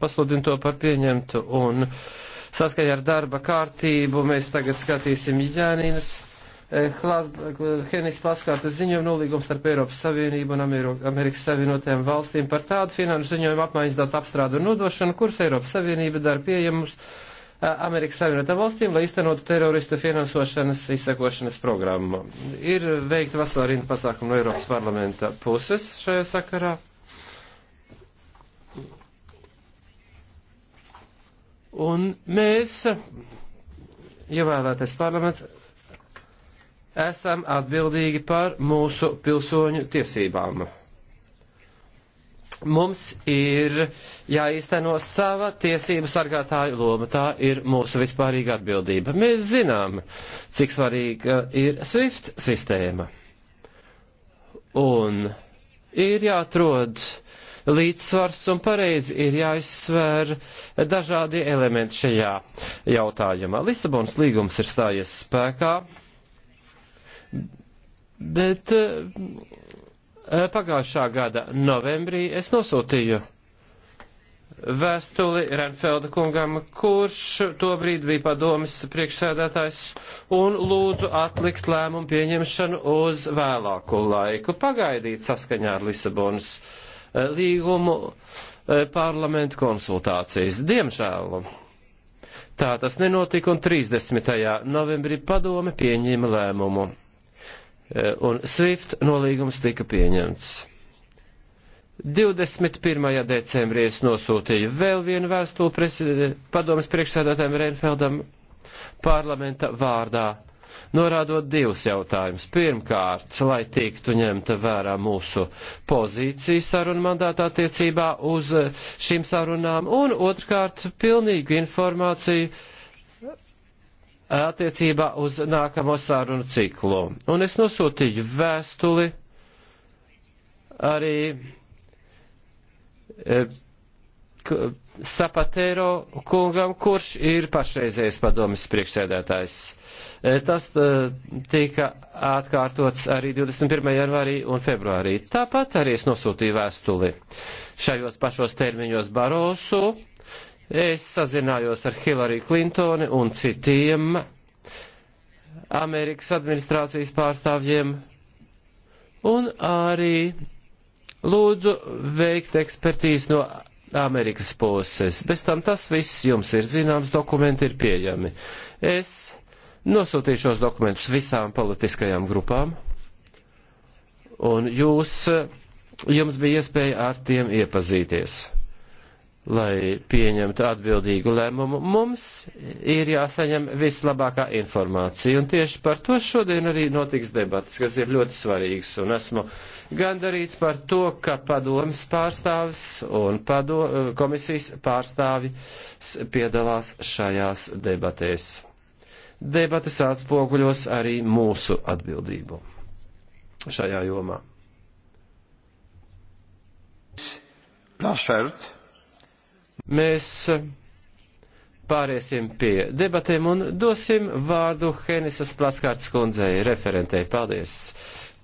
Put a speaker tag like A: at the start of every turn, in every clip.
A: pasludinu to par pieņemtu un saskaņā ar darba kārtību mēs tagad skatīsim Jānīnas eh, Henis Paskārtas ziņojumu nolīgums starp Eiropas Savienību un Amerikas Savienotajām valstīm par tādu finanšu ziņojumu apmaiņas datu apstrādu un nodošanu, kurus Eiropas Savienība dara pieejamus eh, Amerikas Savienotām valstīm, lai iztenotu teroristu finansošanas izsekošanas programmu. Ir veikta vasarīna pasākuma no Eiropas parlamenta puses šajā sakarā. Un mēs, ievēlētais ja parlaments, esam atbildīgi par mūsu pilsoņu tiesībām. Mums ir jāīsteno sava tiesību sargātāju loma. Tā ir mūsu vispārīga atbildība. Mēs zinām, cik svarīga ir SWIFT sistēma. Un ir jāatrod līdzsvars un pareizi ir jāizsver dažādi elementi šajā jautājumā. Lisabons līgums ir stājies spēkā, bet eh, pagājušā gada novembrī es nosūtīju vēstuli Renfelda kungam, kurš tobrīd bija padomis priekšsēdētājs un lūdzu atlikt lēmumu pieņemšanu uz vēlāku laiku, pagaidīt saskaņā ar Lisabonas uh, līgumu eh, parlamentu konsultācijas. Diemžēl tā tas nenotika un 30. novembrī padome pieņēma lēmumu. Eh, un SWIFT nolīgums tika pieņemts. 21. decembrī es nosūtīju vēl vienu vēstuli padomas priekšsēdētājiem Reinfeldam parlamenta vārdā norādot divus jautājumus. Pirmkārt, lai tiktu ņemta vērā mūsu pozīcija sarunu mandātā attiecībā uz šīm sarunām, un otrkārt, pilnīgu informāciju attiecībā uz nākamo sarunu ciklu. Un es nosūtīju vēstuli arī e, Sapatero kungam, kurš ir pašreizējais padomis priekšsēdētājs. E, tas e, tika atkārtots arī 21. janvārī un februārī. Tāpat arī es nosūtīju vēstuli šajos pašos termiņos Barosu. Es sazinājos ar Hillary Clintoni un citiem Amerikas administrācijas pārstāvjiem un arī lūdzu veikt ekspertīzi no Amerikas puses. Bez tam tas viss jums ir zināms, dokumenti ir pieejami. Es nosūtīšu šos dokumentus visām politiskajām grupām, un jūs, jums bija iespēja ar tiem iepazīties lai pieņemtu atbildīgu lēmumu, mums ir jāsaņem vislabākā informācija. Un tieši par to šodien arī notiks debats, kas ir ļoti svarīgs. Un esmu gandarīts par to, ka padomas pārstāvis un pado, komisijas pārstāvis piedalās šajās debatēs. Debates atspoguļos arī mūsu atbildību šajā jomā. Plašert. Mēs e, pāriesim pie debatēm un dosim vārdu Henisas Plaskārtas kundzei, referentei. Paldies!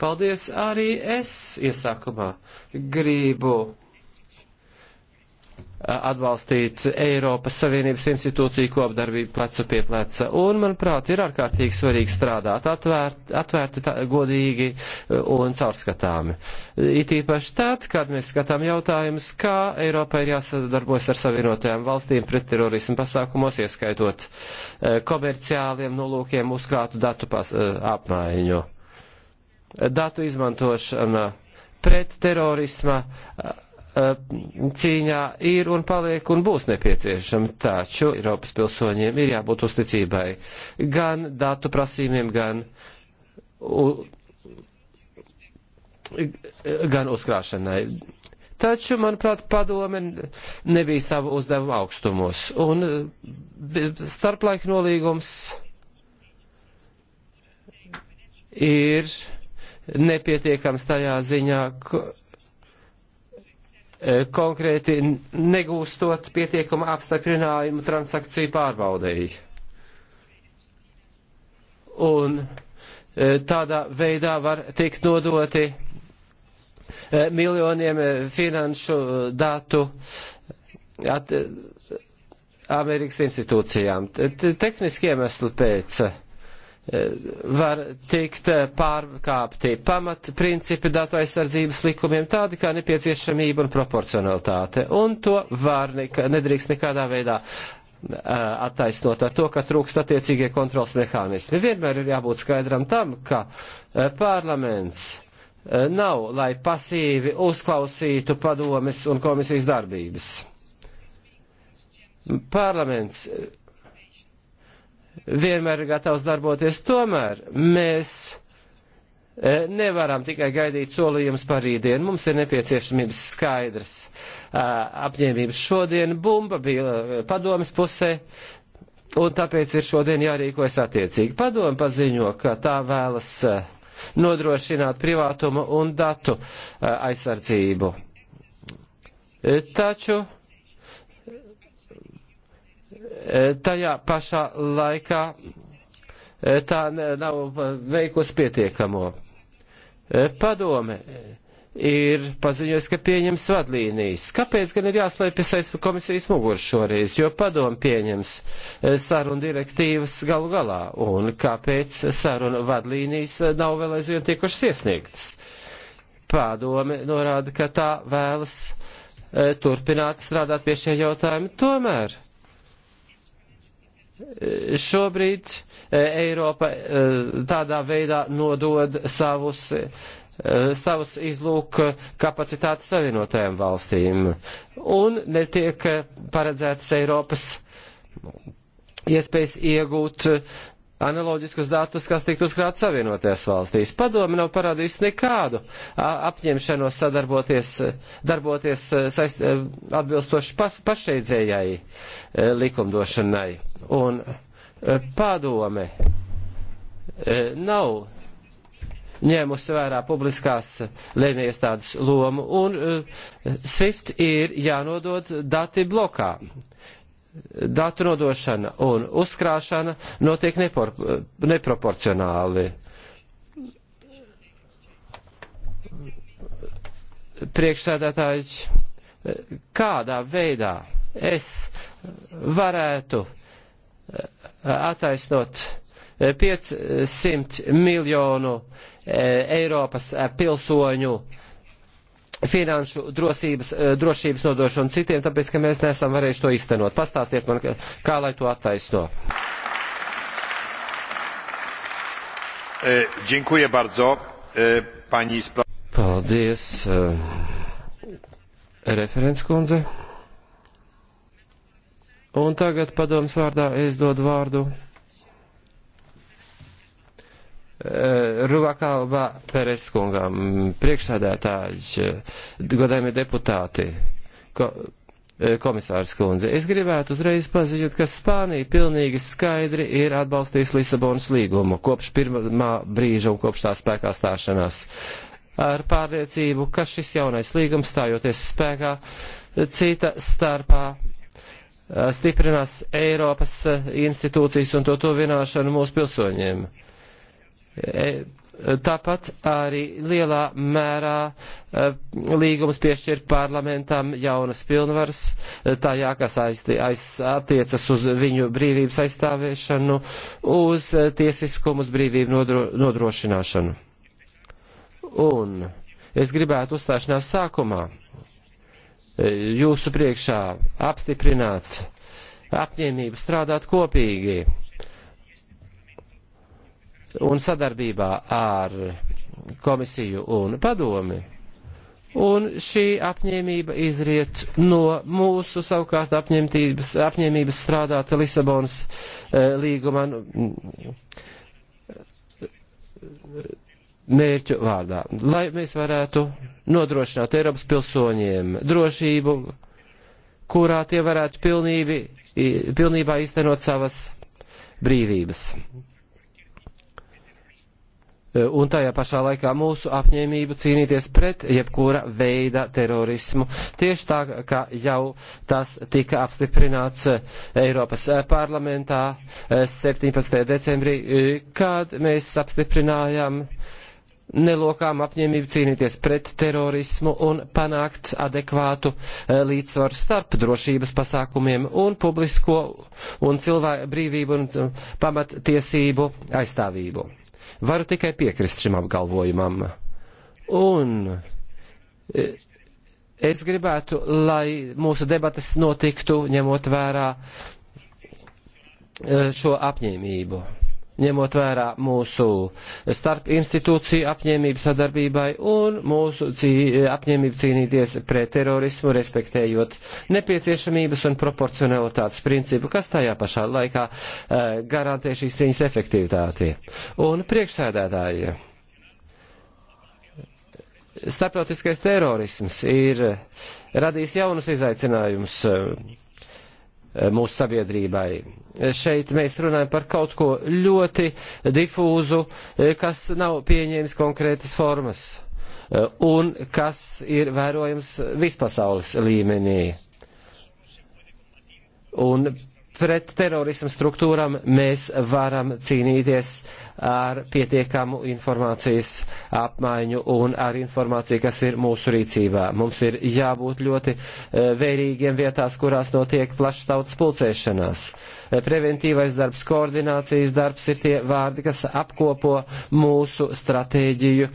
A: Paldies arī es iesākumā gribu atbalstīt Eiropas Savienības institūciju kopdarbību plecu pie pleca. Un, manuprāt, ir ārkārtīgi svarīgi strādāt atvērt, atvērti, tā, godīgi e, un caurskatāmi. It īpaši tad, kad mēs skatām jautājumus, kā Eiropai ir jāsadarbojas ar savienotajām valstīm pret terorismu pasākumos, ieskaitot e, komerciāliem nolūkiem uzkrātu datu pas, e, apmaiņu. Datu izmantošana pret terorisma Eh, cīņā ir un paliek un būs nepieciešama. Taču Eiropas pilsoņiem ir jābūt uzticībai gan datu prasījumiem, gan, u, gan uzkrāšanai. Taču, manuprāt, padome nebija savu uzdevumu augstumos. Un eh, starplaika nolīgums ir nepietiekams tajā ziņā, Eh, konkrēti negūstot pietiekuma apstiprinājumu transakciju pārbaudēji. Un eh, tādā veidā var tikt nodoti eh, miljoniem finanšu datu at, Amerikas institūcijām. Tehniski iemesli pēc var tikt eh, pārkāpti pamatprincipi datu aizsardzības likumiem, tādi kā nepieciešamība un proporcionalitāte. Un to var nekā, nedrīkst nekādā veidā eh, attaisnot ar to, ka trūkst attiecīgie kontrols mehānismi. Vienmēr ir jābūt skaidram tam, ka eh, parlaments nav, lai pasīvi uzklausītu padomes un komisijas darbības. Parlaments vienmēr ir gatavs darboties. Tomēr mēs e, nevaram tikai gaidīt solījumus par rītdienu. Mums ir nepieciešamības skaidrs e, apņēmības šodien. Bumba bija e, padomas pusē. Un tāpēc ir šodien jārīkojas attiecīgi. Padomu paziņo, ka tā vēlas nodrošināt privātumu un datu aizsardzību. Taču E, tajā pašā laikā e, tā nav veikusi pietiekamo. E, padome ir paziņojusi, ka pieņems vadlīnijas. Kāpēc gan ir jāslēpjas aiz komisijas muguras šoreiz, jo padomu pieņems sarunu direktīvas galu galā, un kāpēc sarunu vadlīnijas nav vēl aizvien tikušas iesniegtas? Padome norāda, ka tā vēlas turpināt strādāt pie šie jautājumi tomēr. Šobrīd e, Eiropa e, tādā veidā nodod savus e, savas izlūk kapacitātes savienotajām valstīm. Un netiek paredzētas Eiropas iespējas iegūt analoģiskus datus, kas tiktu uzkrāt savienoties valstīs. Padomi nav parādījis nekādu apņemšanos sadarboties, darboties saist, atbilstoši pas, pašreidzējai likumdošanai. Un padome nav ņēmusi vērā publiskās lēmējiestādes lomu, un SWIFT ir jānodod dati blokā datu nodošana un uzkrāšana notiek nepor, neproporcionāli. Priekšsēdētājs, kādā veidā es varētu eh, attaisnot 500 eh, miljonu eh, Eiropas pilsoņu finanšu drosības, eh, drošības nodošanu citiem, tāpēc, ka mēs nesam varējuši to iztenot. Pastāstiet man, kā, kā lai to attaisno. E, dziękuję bardzo, e, pani spra... Paldies, e, referents kundze. Un tagad padoms vārdā es dodu vārdu Eh, Rubakalba Pereskungam, priekšsādātāji, eh, godājumie deputāti, ko, eh, komisārs kundze, es gribētu uzreiz paziņot, ka Spānija pilnīgi skaidri ir atbalstījis Lisabonas līgumu kopš pirmā brīža un kopš tā spēkā stāšanās. Ar pārliecību, ka šis jaunais līgums stājoties spēkā cita starpā stiprinās Eiropas institūcijas un to tuvināšanu mūsu pilsoņiem. E, tāpat arī lielā mērā e, līgums piešķir parlamentam jaunas pilnvaras e, tajā, kas aizti, aiz, attiecas uz viņu brīvības aizstāvēšanu, uz tiesiskumu, uz brīvību nodro, nodrošināšanu. Un es gribētu uzstāšanās sākumā jūsu priekšā apstiprināt apņēmību strādāt kopīgi un sadarbībā ar komisiju un padomi. Un šī apņēmība izriet no mūsu savukārt apņēmības strādāt Lisabonas uh, eh, līguma nu, mm, mērķu vārdā, lai mēs varētu nodrošināt Eiropas pilsoņiem drošību, kurā tie varētu pilnībi, pilnībā iztenot savas brīvības. Eh, un tajā pašā laikā mūsu apņēmību cīnīties pret jebkura veida terorismu. Tieši tā, kā jau tas tika apstiprināts eh, Eiropas eh, parlamentā 17. decembrī, kad mēs apstiprinājām nelokām apņēmību cīnīties pret terorismu un panākt adekvātu līdzsvaru starp drošības pasākumiem un publisko un cilvēku brīvību un pamattiesību aizstāvību. Varu tikai piekrist šim apgalvojumam. Un e, es gribētu, lai mūsu debatas notiktu ņemot vērā e, šo apņēmību ņemot vērā mūsu starp institūciju apņēmību sadarbībai un mūsu cī, apņēmību cīnīties pret terorismu, respektējot nepieciešamības un proporcionalitātes principu, kas tajā pašā laikā e, garantē šīs cīņas efektivitāti. Un priekšsēdētāji. Starptautiskais terorisms ir radījis jaunus izaicinājumus eh, Eh, mūsu sabiedrībai. Eh, šeit mēs runājam par kaut ko ļoti difūzu, eh, kas nav pieņēmis konkrētas formas un kas ir vērojams vispasaules līmenī. Un pret terorismu struktūram mēs varam cīnīties ar pietiekamu informācijas apmaiņu un ar informāciju, kas ir mūsu rīcībā. Mums ir jābūt ļoti eh, vērīgiem vietās, kurās notiek plašs tautas pulcēšanās. Eh, preventīvais darbs, koordinācijas darbs ir tie vārdi, kas apkopo mūsu stratēģiju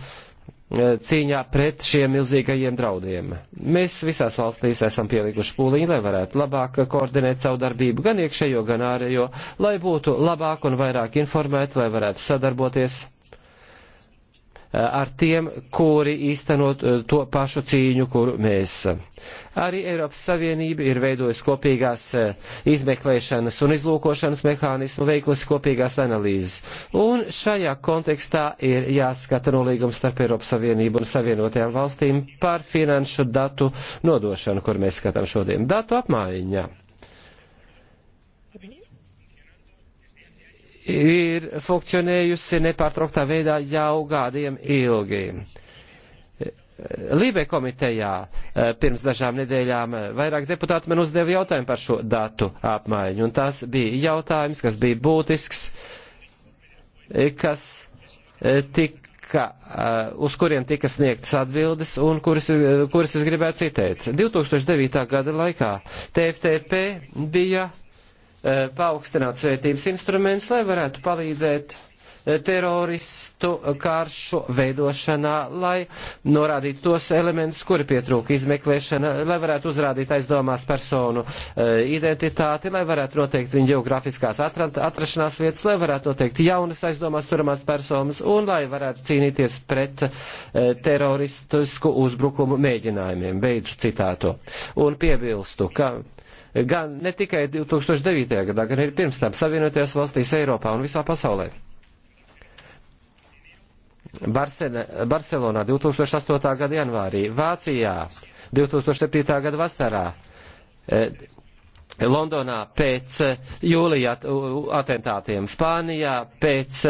A: Eh, cīņā pret šiem milzīgajiem draudiem. Mēs visās valstīs esam pielikuši pūliņu, lai varētu labāk koordinēt savu darbību gan iekšējo, gan ārējo, lai būtu labāk un vairāk informēti, lai varētu sadarboties eh, ar tiem, kuri īstenot eh, to pašu cīņu, kuru mēs. Arī Eiropas Savienība ir veidojusi kopīgās eh, izmeklēšanas un izlūkošanas mehānismu, veikusi kopīgās analīzes. Un šajā kontekstā ir jāskata nolīgums starp Eiropas Savienību un Savienotajām valstīm par finanšu datu nodošanu, kur mēs skatām šodien. Datu apmaiņa. ir funkcionējusi nepārtrauktā veidā jau gadiem ilgi. Lībe komitejā eh, pirms dažām nedēļām eh, vairāk deputāti man uzdeva jautājumu par šo datu apmaiņu, un tas bija jautājums, kas bija būtisks, eh, kas tika, uz kuriem tika sniegtas atbildes un kuras, kuras es gribētu citēt. 2009. gada laikā TFTP bija paaugstināts vērtības instruments, lai varētu palīdzēt teroristu karšu veidošanā, lai norādītu tos elementus, kuri pietrūka izmeklēšana, lai varētu uzrādīt aizdomās personu e, identitāti, lai varētu noteikt viņu geografiskās atrašanās vietas, lai varētu noteikt jaunas aizdomās turamās personas un lai varētu cīnīties pret e, teroristisku uzbrukumu mēģinājumiem. Beidzu citāto. Un piebilstu, ka gan ne tikai 2009. gadā, gan arī pirms tam Savienotajās valstīs Eiropā un visā pasaulē. Barsene, Barcelonā 2008. gada janvārī, Vācijā 2007. gada vasarā, e, Londonā pēc e, jūlija atentātiem, Spānijā pēc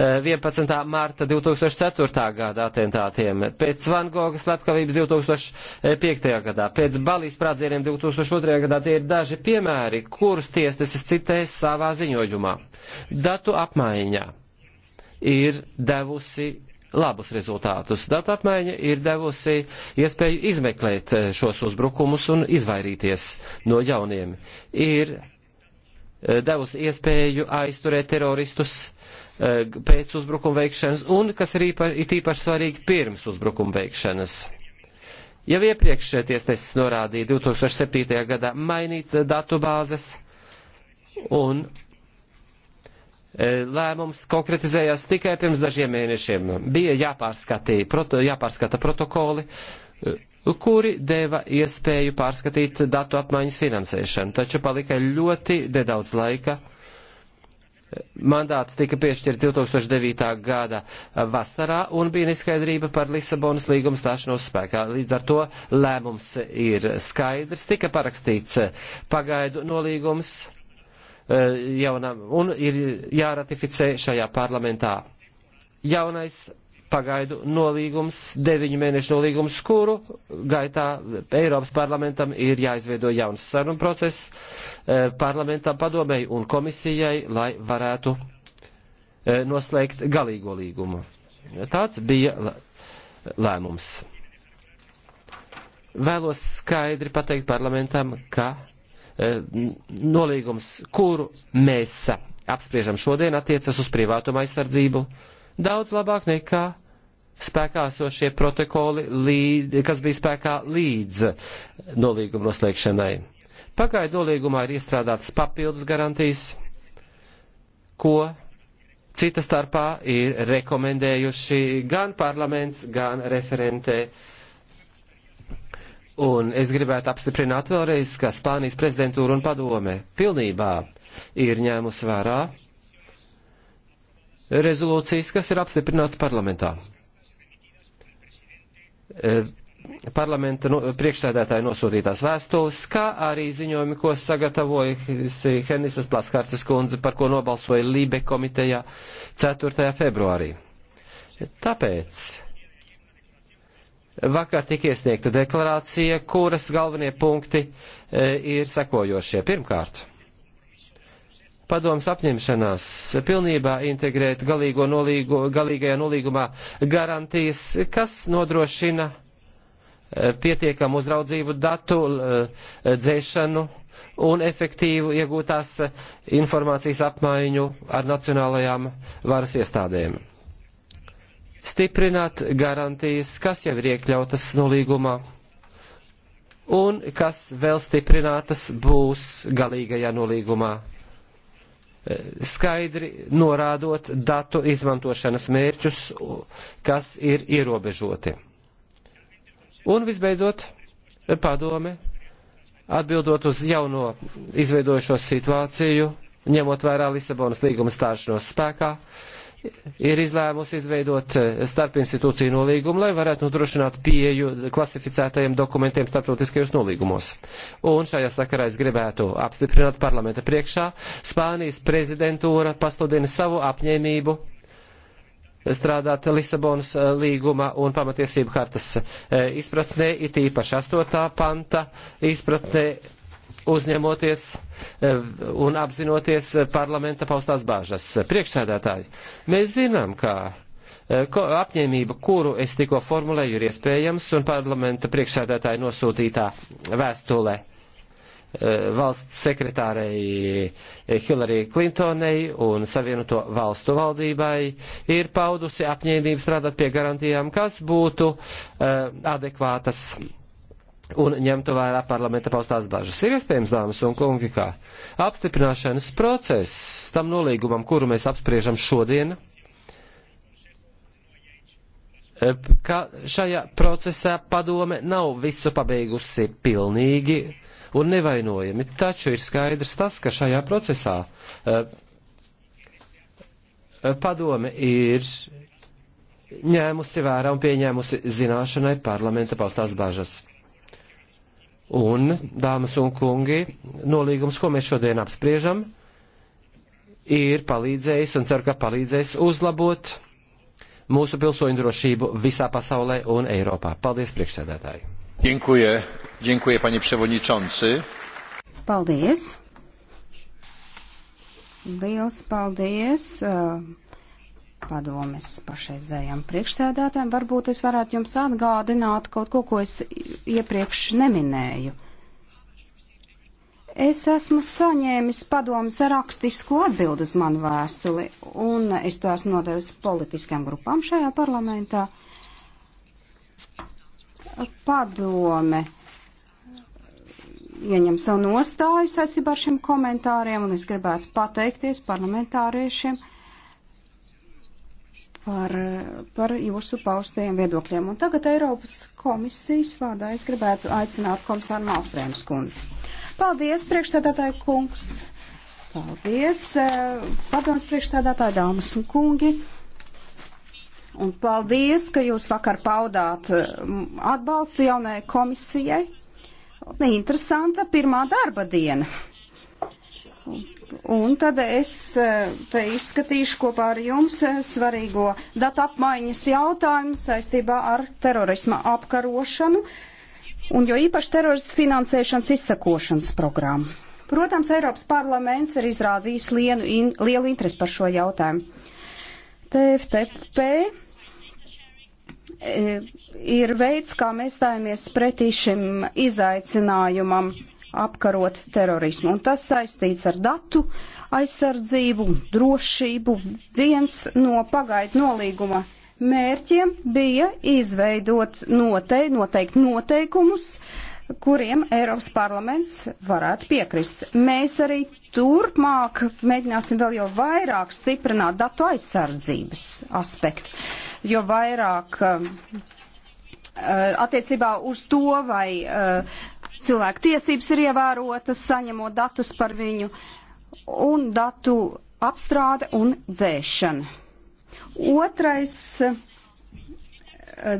A: 11. E, marta 2004. gada atentātiem, pēc Van Goga slepkavības 2005. gadā, pēc Balijas sprādzieniem 2002. gadā. Tie ir daži piemēri, kurus tiesnesis citēs savā ziņojumā. Datu apmaiņā ir devusi labus rezultātus. Data apmaiņa ir devusi iespēju izmeklēt eh, šos uzbrukumus un izvairīties no jauniem. Ir eh, devusi iespēju aizturēt teroristus eh, pēc uzbrukuma veikšanas un, kas ir, īpa, ir īpaši svarīgi, pirms uzbrukuma veikšanas. Jau iepriekš tiesnesis norādīja 2007. gadā mainīt datubāzes un E, lēmums konkretizējās tikai pirms dažiem mēnešiem. Bija proto, jāpārskata protokoli, e, kuri deva iespēju pārskatīt datu apmaiņas finansēšanu, taču palika ļoti nedaudz laika. E, mandāts tika piešķirts 2009. gada vasarā un bija neskaidrība par Lisabonas līgumu stāšanos spēkā. Līdz ar to lēmums ir skaidrs, tika parakstīts pagaidu nolīgums Eh, jaunam un ir jāratificē šajā parlamentā jaunais pagaidu nolīgums, deviņu mēnešu nolīgums, kuru gaitā Eiropas parlamentam ir jāizveido jauns sarunu process eh, parlamentam padomēji un komisijai, lai varētu eh, noslēgt galīgo līgumu. Tāds bija lēmums. Vēlos skaidri pateikt parlamentam, ka Eh, nolīgums, kuru mēs apspriežam šodien, attiecas uz privātuma aizsardzību daudz labāk nekā spēkā esošie protokoli, līd, kas bija spēkā līdz nolīguma noslēgšanai. Pagaidu nolīgumā ir iestrādātas papildus garantijas, ko cita starpā ir rekomendējuši gan parlaments, gan referentē Un es gribētu apstiprināt vēlreiz, ka Spānijas prezidentūra un padome pilnībā ir ņēmusi vērā rezolūcijas, kas ir apstiprināts parlamentā. E, parlamenta no, priekšstādētāja nosūtītās vēstules, kā arī ziņojumi, ko sagatavoja Henisas Plaskārtas kundze, par ko nobalsoja Lībe komitejā 4. februārī. Tāpēc Vakar tika iesniegta deklarācija, kuras galvenie punkti e, ir sekojošie. Pirmkārt, padoms apņemšanās pilnībā integrēt galīgo nolīgu, galīgajā nolīgumā garantijas, kas nodrošina e, pietiekamu uzraudzību datu e, dzēšanu un efektīvu iegūtās informācijas apmaiņu ar nacionālajām varas iestādēm stiprināt garantijas, kas jau ir iekļautas nolīgumā un kas vēl stiprinātas būs galīgajā nolīgumā. Eh, skaidri norādot datu izmantošanas mērķus, kas ir ierobežoti. Un visbeidzot, padome, atbildot uz jauno izveidojušo situāciju, ņemot vērā Lisabonas līguma stāšanos spēkā, uh, ir izlēmusi izveidot eh, starpinstitūciju nolīgumu, lai varētu nodrošināt pieju klasificētajiem dokumentiem starptautiskajos nolīgumos. Un šajā sakarā es gribētu apstiprināt parlamenta priekšā. Spānijas prezidentūra pasludina savu apņēmību strādāt Lisabonas eh, līguma un pamatiesību hartas eh, izpratnē, it īpaši 8. panta izpratnē uzņemoties e, un apzinoties parlamenta paustās bāžas. Priekšsēdētāji, mēs zinām, ka e, apņēmība, kuru es tikko formulēju, ir iespējams un parlamenta priekšsēdētāja nosūtītā vēstulē e, valsts sekretārei Hillary Clintonai un Savienoto valstu valdībai ir paudusi apņēmību strādāt pie garantijām, kas būtu adekvātas un ņemtu vērā parlamenta paustās bažas. Ir iespējams, dāmas un kungi, kā apstiprināšanas process tam nolīgumam, kuru mēs apspriežam šodien, ka šajā procesā padome nav visu pabeigusi pilnīgi un nevainojami, taču ir skaidrs tas, ka šajā procesā eh, padome ir ņēmusi vērā un pieņēmusi zināšanai parlamenta paustās bažas. Un, dāmas un kungi, nolīgums, ko mēs šodien apspriežam, ir palīdzējis un ceru, ka palīdzēs uzlabot mūsu pilsoņu drošību visā pasaulē un Eiropā. Paldies, priekšsēdētāji! Dziękuję, dziękuję, panie przewodniczący. Paldies!
B: Liels paldies! Uh padomes pašreizējam priekšsēdētājam. Varbūt es varētu jums atgādināt kaut ko, ko es iepriekš neminēju. Es esmu saņēmis padomas rakstisku atbildu uz manu vēstuli, un es to esmu nodevis politiskām grupām šajā parlamentā. Padome ieņem savu nostāju saistībā ar šiem komentāriem, un es gribētu pateikties parlamentāriešiem par, par jūsu paustajiem viedokļiem. Un tagad Eiropas komisijas vārdā es gribētu aicināt komisāru Malstrēmas kundzi. Paldies, priekšstādātāji kungs! Paldies, eh, padoms priekšstādātāji, dāmas un kungi! Un paldies, ka jūs vakar paudāt mm, atbalstu jaunajai komisijai. Neinteresanta pirmā darba diena. Un Un tad es eh, te izskatīšu kopā ar jums eh, svarīgo datu apmaiņas jautājumu saistībā ar terorisma apkarošanu un jo īpaši teroristu finansēšanas izsakošanas programmu. Protams, Eiropas parlaments ir izrādījis lienu, in, lielu interesi par šo jautājumu. TFTP eh, ir veids, kā mēs stājamies pretī šim izaicinājumam apkarot terorismu. Un tas saistīts ar datu aizsardzību, drošību. Viens no pagaidu nolīguma mērķiem bija izveidot notei, noteikt noteikumus, kuriem Eiropas parlaments varētu piekrist. Mēs arī turpmāk mēģināsim vēl jau vairāk stiprināt datu aizsardzības aspektu, jo vairāk um, uh, attiecībā uz to, vai uh, cilvēku tiesības ir ievērotas, saņemot datus par viņu, un datu apstrāde un dzēšana. Otrais eh,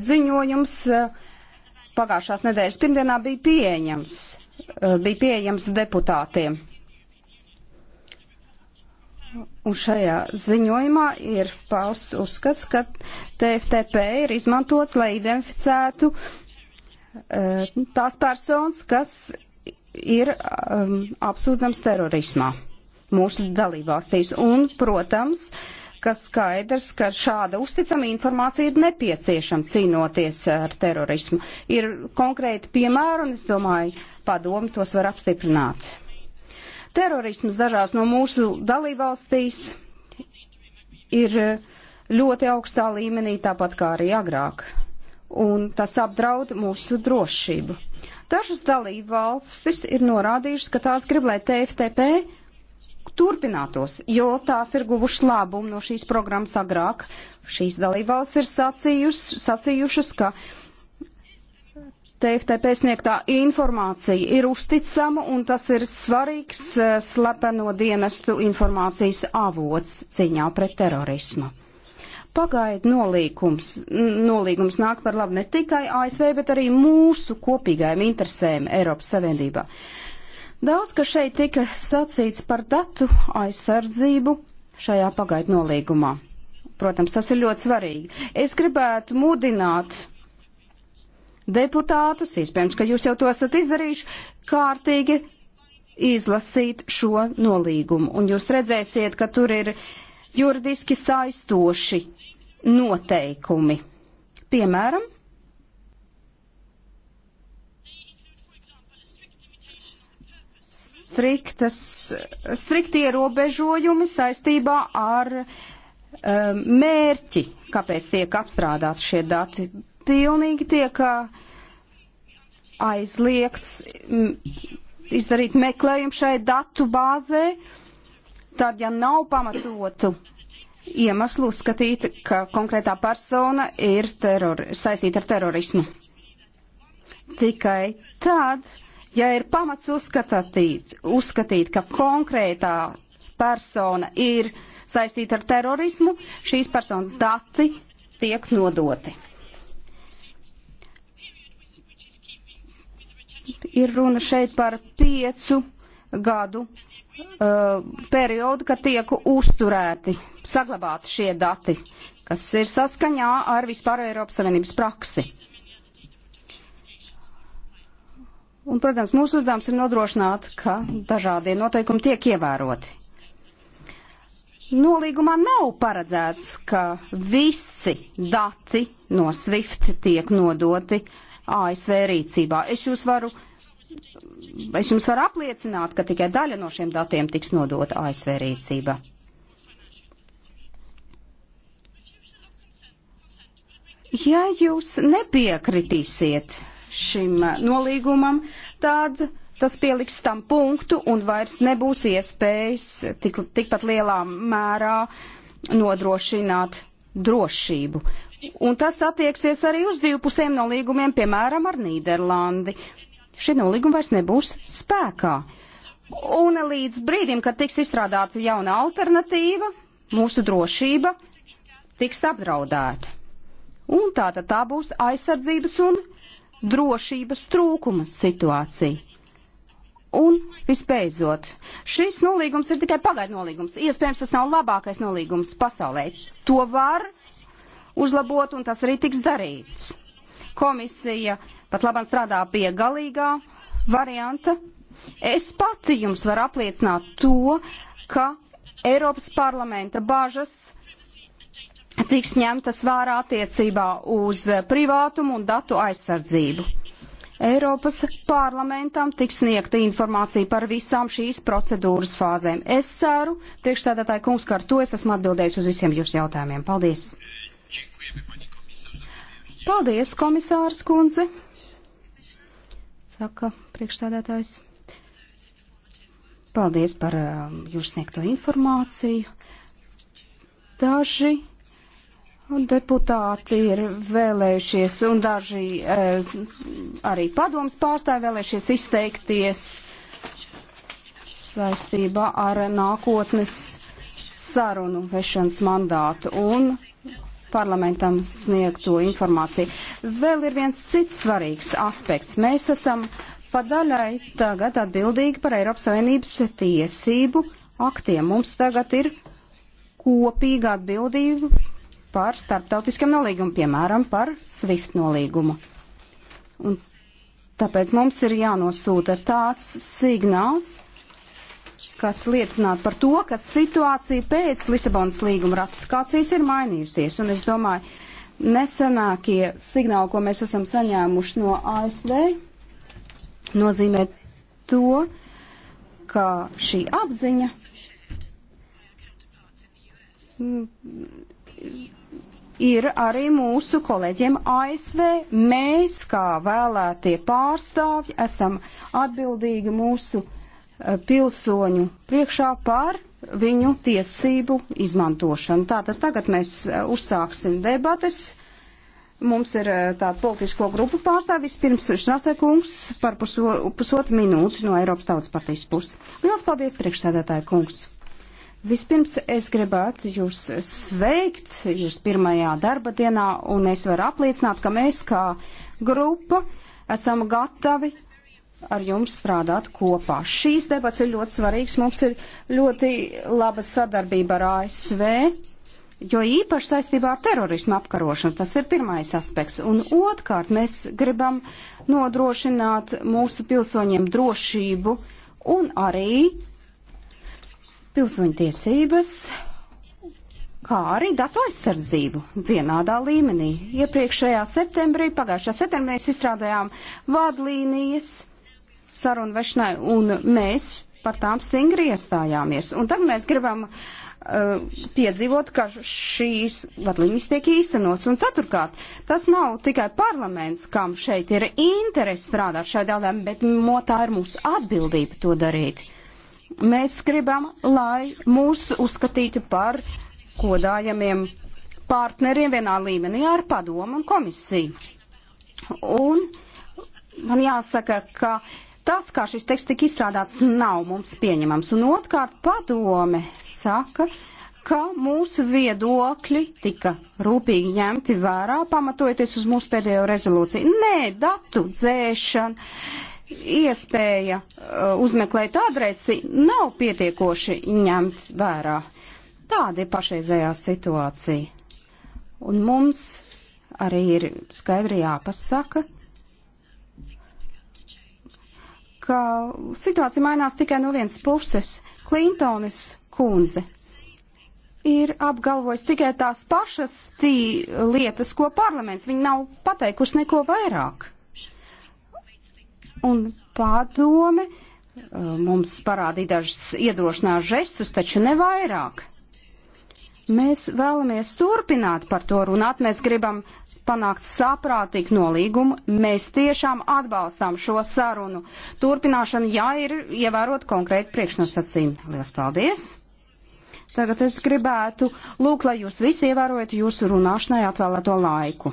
B: ziņojums eh, pagājušās nedēļas pirmdienā bija pieejams, eh, bija pieejams deputātiem. Un šajā ziņojumā ir pausts uzskats, ka TFTP ir izmantots, lai identificētu uh, Eh, tās personas, kas ir um, apsūdzams terorismā mūsu dalībvalstīs. Un, protams, ka skaidrs, ka šāda uzticama informācija ir nepieciešama cīnoties ar terorismu. Ir konkrēti piemēri, un es domāju, padomi tos var apstiprināt. Terorisms dažās no mūsu dalībvalstīs ir ļoti augstā līmenī, tāpat kā arī agrāk un tas apdraud mūsu drošību. Dažas dalība valstis ir norādījušas, ka tās grib, lai TFTP turpinātos, jo tās ir guvušas labumu no šīs programmas agrāk. Šīs dalībvalsts ir sacījus, sacījušas, ka TFTP sniegtā informācija ir uzticama un tas ir svarīgs eh, slepeno dienestu informācijas avots cīņā pret terorismu. Pagaidu nolīgums, nolīgums nāk par labu ne tikai ASV, bet arī mūsu kopīgajām interesēm Eiropas Savienībā. Daudz, kas šeit tika sacīts par datu aizsardzību šajā pagaidu nolīgumā. Protams, tas ir ļoti svarīgi. Es gribētu mudināt deputātus, iespējams, ka jūs jau to esat izdarījuši, kārtīgi izlasīt šo nolīgumu. Un jūs redzēsiet, ka tur ir juridiski saistoši noteikumi. Piemēram, striktas, strikti ierobežojumi saistībā ar um, mērķi, kāpēc tiek apstrādāti šie dati. Pilnīgi tiek uh, aizliegts izdarīt meklējumu šai datu bāzē tad, ja nav pamatotu iemeslu uzskatīt, ka konkrētā persona ir terori, saistīta ar terorismu. Tikai tad, ja ir pamats uzskatīt, uzskatīt ka konkrētā persona ir saistīta ar terorismu, šīs personas dati tiek nodoti. Ir runa šeit par piecu gadu Uh, periodu, kad tiek uzturēti, saglabāti šie dati, kas ir saskaņā ar vispār Eiropas Savienības praksi. Un, protams, mūsu uzdevums ir nodrošināt, ka dažādie noteikumi tiek ievēroti. Nolīgumā nav paredzēts, ka visi dati no SWIFT tiek nodoti ASV rīcībā. Es jūs varu uh, es jums varu apliecināt, ka tikai daļa no šiem datiem tiks nodota ASV rīcība. Ja jūs nepiekritīsiet šim nolīgumam, tad tas pieliks tam punktu un vairs nebūs iespējas tik, tikpat lielā mērā nodrošināt drošību. Un tas attieksies arī uz divpusējiem nolīgumiem, piemēram, ar Nīderlandi šī nolīguma vairs nebūs spēkā. Un līdz brīdim, kad tiks izstrādāta jauna alternatīva, mūsu drošība tiks apdraudēta. Un tā tad tā būs aizsardzības un drošības trūkuma situācija. Un visbeidzot, šis nolīgums ir tikai pagaidu nolīgums. Iespējams, tas nav labākais nolīgums pasaulē. To var uzlabot, un tas arī tiks darīts. Komisija pat labam strādā pie galīgā varianta. Es pati jums varu apliecināt to, ka Eiropas parlamenta bažas tiks ņemtas vērā attiecībā uz privātumu un datu aizsardzību. Eiropas parlamentam tiks sniegta informācija par visām šīs procedūras fāzēm. Es ceru, priekšstādātāji kungs, ka ar to es esmu atbildējis uz visiem jūsu jautājumiem. Paldies! Paldies, komisārs kundze! saka priekšstādātājs. Paldies par uh, jūsu sniegto informāciju. Daži deputāti ir vēlējušies un daži uh, arī padomas pārstāvi vēlējušies izteikties saistībā ar nākotnes sarunu vešanas mandātu. Un parlamentam sniegto informāciju. Vēl ir viens cits svarīgs aspekts. Mēs esam padaļai tagad atbildīgi par Eiropas Savienības tiesību aktiem. Mums tagad ir kopīga atbildība par starptautiskiem nolīgumiem, piemēram, par SWIFT nolīgumu. Un tāpēc mums ir jānosūta tāds signāls, kas liecinātu par to, ka situācija pēc Lisabonas līguma ratifikācijas ir mainījusies. Un es domāju, nesenākie signāli, ko mēs esam saņēmuši no ASV, nozīmē to, ka šī apziņa ir arī mūsu kolēģiem ASV. Mēs, kā vēlētie pārstāvji, esam atbildīgi mūsu uh, pilsoņu priekšā par viņu tiesību izmantošanu. Tātad tagad mēs eh, uzsāksim debates. Mums ir eh, tāda politisko grupu pārstāvis, pirms Šnacē kungs par puso, pusotru minūti no Eiropas tautas partijas puses. Liels paldies, priekšsēdētāja kungs! Vispirms es gribētu jūs sveikt, jūs pirmajā darba dienā, un es varu apliecināt, ka mēs kā grupa esam gatavi ar jums strādāt kopā. Šīs debats ir ļoti svarīgs. Mums ir ļoti laba sadarbība ar ASV, jo īpaši saistībā ar terorismu apkarošanu. Tas ir pirmais aspekts. Un otrkārt, mēs gribam nodrošināt mūsu pilsoņiem drošību un arī pilsoņu tiesības, kā arī datu aizsardzību vienādā līmenī. Iepriekšējā septembrī, pagājušā septembrī mēs izstrādājām vadlīnijas sarunu vešanai, un mēs par tām stingri iestājāmies. Un tad mēs gribam uh, piedzīvot, ka šīs vadlīnijas tiek īstenots. Un ceturkārt, tas nav tikai parlaments, kam šeit ir interesi strādāt šai dēlēm, bet motā ir mūsu atbildība to darīt. Mēs gribam, lai mūs uzskatītu par kodājamiem partneriem vienā līmenī ar padomu un komisiju. Un man jāsaka, ka uh, Tas, kā šis teksts tika izstrādāts, nav mums pieņemams. Un otrkārt padome saka, ka mūsu viedokļi tika rūpīgi ņemti vērā, pamatojoties uz mūsu pēdējo rezolūciju. Nē, datu dzēšana, iespēja uh, uzmeklēt adresi nav pietiekoši ņemt vērā. Tāda ir pašreizējā situācija. Un mums arī ir skaidri jāpasaka, ka situācija mainās tikai no vienas puses. Klintonis kundze ir apgalvojis tikai tās pašas tī lietas, ko parlaments. Viņi nav pateikuši neko vairāk. Un padome uh, mums parādīja dažas iedrošinās žestus, taču ne vairāk. Mēs vēlamies turpināt par to runāt, mēs gribam panākt saprātīgu nolīgumu. Mēs tiešām atbalstām šo sarunu turpināšanu, ja ir ievērot konkrēti priekšnosacījumi. Lielas paldies! Tagad es gribētu lūgt, lai jūs visi ievērojat jūsu runāšanai atvēlēto laiku.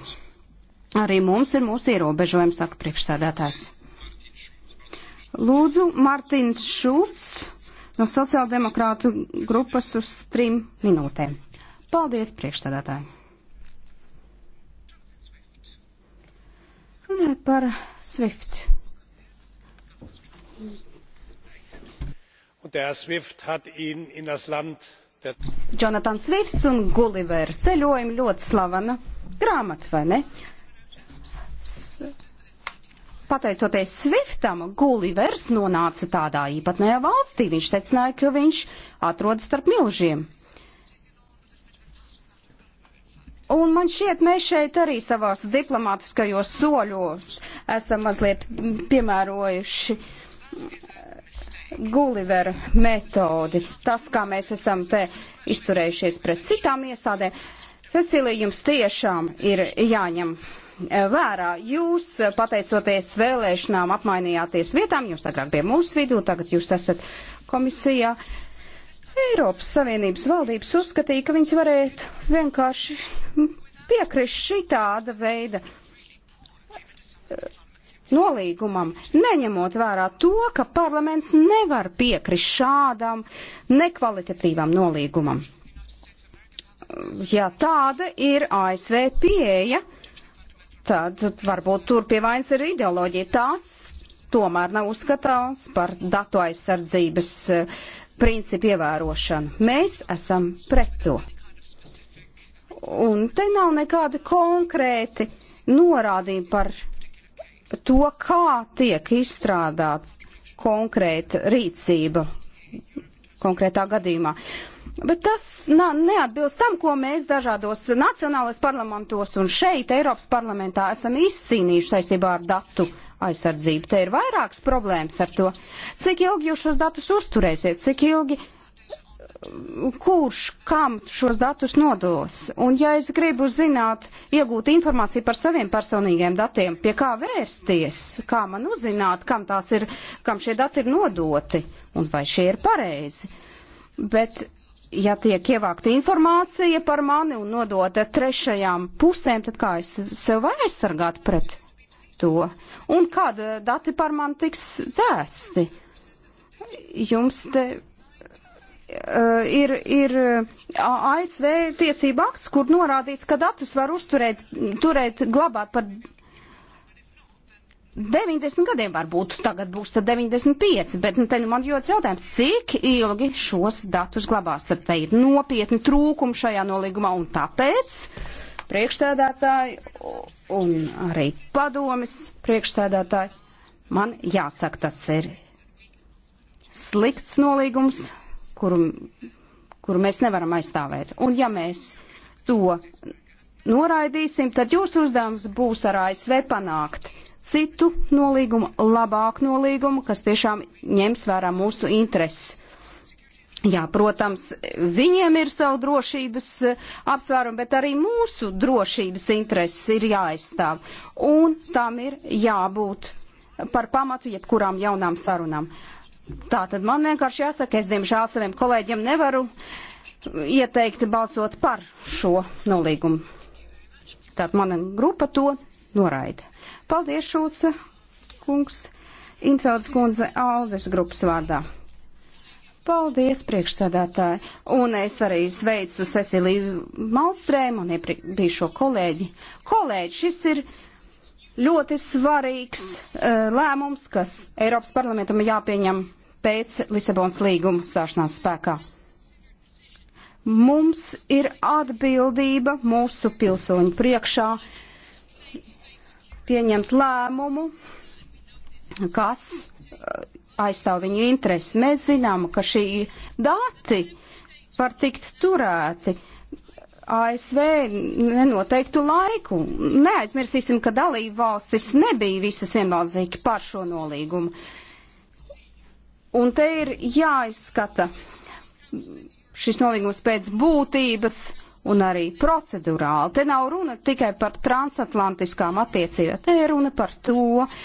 B: Arī mums ir mūsu ierobežojums, saka priekšsēdētājs. Lūdzu, Martins Šulcs no sociāldemokrātu grupas uz trim minūtēm. Paldies, priekšstādātāji! Runājot par SWIFT.
A: Un der SWIFT hat ihn in das Land der...
B: Jonathan Swifts un Gulliver ceļojumi ļoti slavena grāmata, vai ne? S pateicoties Swiftam, Gullivers nonāca tādā īpatnējā valstī. Viņš secināja, ka viņš atrodas starp milžiem. Un man šķiet, mēs šeit arī savās diplomātiskajos soļos esam mazliet piemērojuši Gulivera metodi. Tas, kā mēs esam te izturējušies pret citām iestādēm. Cecilija, jums tiešām ir jāņem e, vērā. Jūs, e, pateicoties vēlēšanām, apmainījāties vietām, jūs agrāk bija mūsu vidū, tagad jūs esat komisijā. Uh, Eiropas Savienības valdības uzskatīja, ka viņas varētu vienkārši piekrist šitāda veida eh, nolīgumam, neņemot vērā to, ka parlaments nevar piekrist šādam nekvalitatīvam nolīgumam. Ja tāda ir ASV pieeja, tad varbūt tur pie vainas ir ideoloģija. Tās tomēr nav uzskatāms par datu aizsardzības uh, principu ievērošanu. Mēs esam pret to. Un te nav nekādi konkrēti norādījumi par to, kā tiek izstrādāt konkrēta rīcība konkrētā gadījumā. Bet tas na, neatbilst tam, ko mēs dažādos nacionālais parlamentos un šeit Eiropas parlamentā esam izcīnījuši saistībā ar datu aizsardzību. Te ir vairākas problēmas ar to. Cik ilgi jūs šos datus uzturēsiet, cik ilgi, kurš kam šos datus nodos? Un ja es gribu zināt, iegūt informāciju par saviem personīgiem datiem, pie kā vērsties, kā man uzzināt, kam, ir, kam šie dati ir nodoti un vai šie ir pareizi. Bet ja tiek ievākta informācija par mani un nodota trešajām pusēm, tad kā es sev aizsargāt pret to. Un kāda dati par mani tiks dzēsti? Jums te uh, ir, ir eh, ASV tiesība akts, kur norādīts, ka datus var uzturēt, turēt, glabāt par 90 gadiem varbūt, tagad būs tad 95, bet nu, te nu man jūtas jautājums, cik ilgi šos datus glabās, tad te ir nopietni trūkumi šajā nolīgumā un tāpēc. Uh, priekšsēdētāji un arī padomis priekšsēdētāji, man jāsaka, tas ir slikts nolīgums, kuru, kuru mēs nevaram aizstāvēt. Un ja mēs to noraidīsim, tad jūsu uzdevums būs ar ASV panākt citu nolīgumu, labāku nolīgumu, kas tiešām ņems vērā mūsu intereses. Jā, protams, viņiem ir savu drošības eh, apsvērumu, bet arī mūsu drošības intereses ir jāaizstāv. Un tam ir jābūt par pamatu jebkurām jaunām sarunām. Tā tad man vienkārši jāsaka, es diemžēl saviem kolēģiem nevaru ieteikt balsot par šo nolīgumu. Tātad mana grupa to noraida. Paldies, Šulce kungs, Infelds kundze, Alves grupas vārdā. Paldies, priekšsādātāji. Un es arī sveicu Ceciliju Malstrēmu un iepriekšējo kolēģi. Kolēģi, šis ir ļoti svarīgs uh, lēmums, kas Eiropas parlamentam ir jāpieņem pēc Lisabonas līguma stāšanās spēkā. Mums ir atbildība mūsu pilsoņu priekšā pieņemt lēmumu, kas uh, aizstāv viņa intereses. Mēs zinām, ka šī dati var tikt turēti. ASV nenoteiktu laiku. Neaizmirsīsim, ka dalība valstis nebija visas vienbaldzīgi par šo nolīgumu. Un te ir jāizskata šis nolīgums pēc būtības un arī procedurāli. Te nav runa tikai par transatlantiskām attiecībām, te ir runa par to, uh,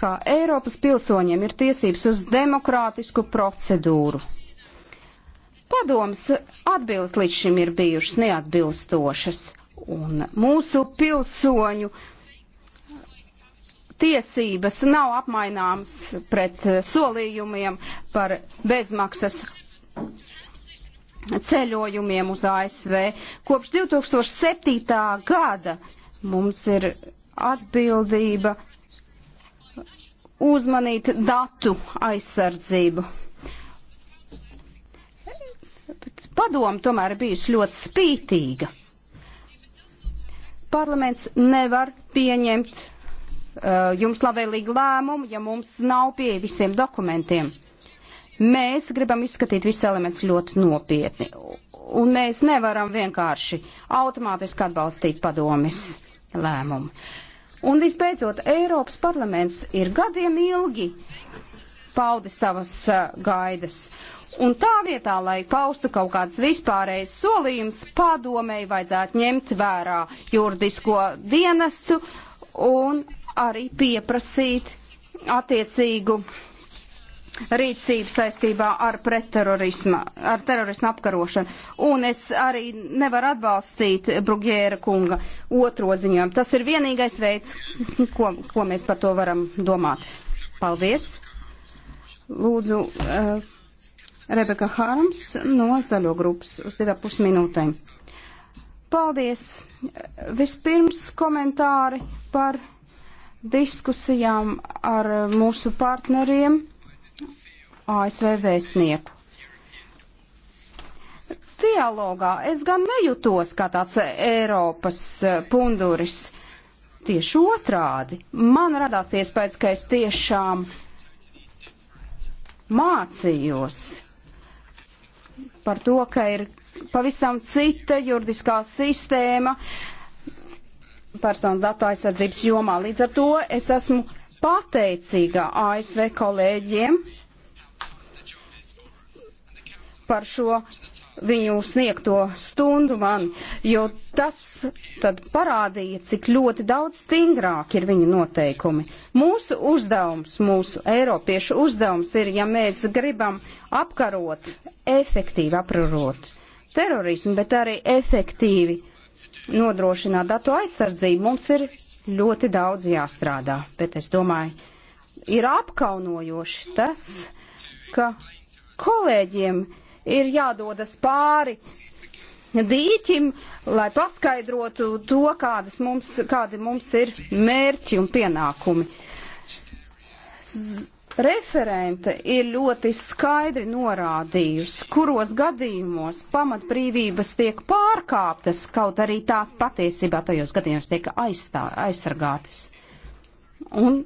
B: ka Eiropas pilsoņiem ir tiesības uz demokrātisku procedūru. Padoms atbildes līdz šim ir bijušas neatbilstošas, un mūsu pilsoņu tiesības nav apmaināmas pret solījumiem par bezmaksas ceļojumiem uz ASV. Kopš 2007. gada mums ir atbildība uzmanīt datu aizsardzību. Padoma tomēr ir bijusi ļoti spītīga. Parlaments nevar pieņemt uh, jums labvēlīgu lēmumu, ja mums nav pieeja visiem dokumentiem. Mēs gribam izskatīt visus elementus ļoti nopietni, un mēs nevaram vienkārši automātiski atbalstīt padomis lēmumu. Uh, Un visbeidzot, Eiropas parlaments ir gadiem ilgi paudis savas uh, gaidas. Un tā vietā, lai paustu kaut kādas vispārējas solījums, padomēji vajadzētu ņemt vērā juridisko dienestu un arī pieprasīt attiecīgu uh, rīcību saistībā ar pretterorismu, ar terorismu apkarošanu. Un es arī nevaru atbalstīt Brugiera kunga otro ziņojumu. Tas ir vienīgais veids, ko, ko mēs par to varam domāt. Paldies! Lūdzu, uh, Rebeka Hārms no Zaļo grupas uz divām pusminūtēm. Paldies! Vispirms komentāri par diskusijām ar mūsu partneriem ASV vēstnieku. Dialogā es gan nejutos kā tāds eh, Eiropas eh, punduris. Tieši otrādi. Man radās iespējas, ka es tiešām mācījos par to, ka ir pavisam cita juridiskā sistēma personu datu aizsardzības jomā. Līdz ar to es esmu pateicīga ASV kolēģiem, par šo viņu sniegto stundu man, jo tas tad parādīja, cik ļoti daudz stingrāk ir viņa noteikumi. Mūsu uzdevums, mūsu eiropiešu uzdevums ir, ja mēs gribam apkarot, efektīvi aprarot terorismu, bet arī efektīvi nodrošināt datu aizsardzību, mums ir ļoti daudz jāstrādā. Bet es domāju, ir apkaunojoši tas, ka kolēģiem ir jādodas pāri dīķim, lai paskaidrotu to, kādas mums, kādi mums ir mērķi un pienākumi. Z Referente ir ļoti skaidri norādījusi, kuros gadījumos pamatbrīvības tiek pārkāptas, kaut arī tās patiesībā tajos gadījumos tiek aizstā, aizsargātas. Un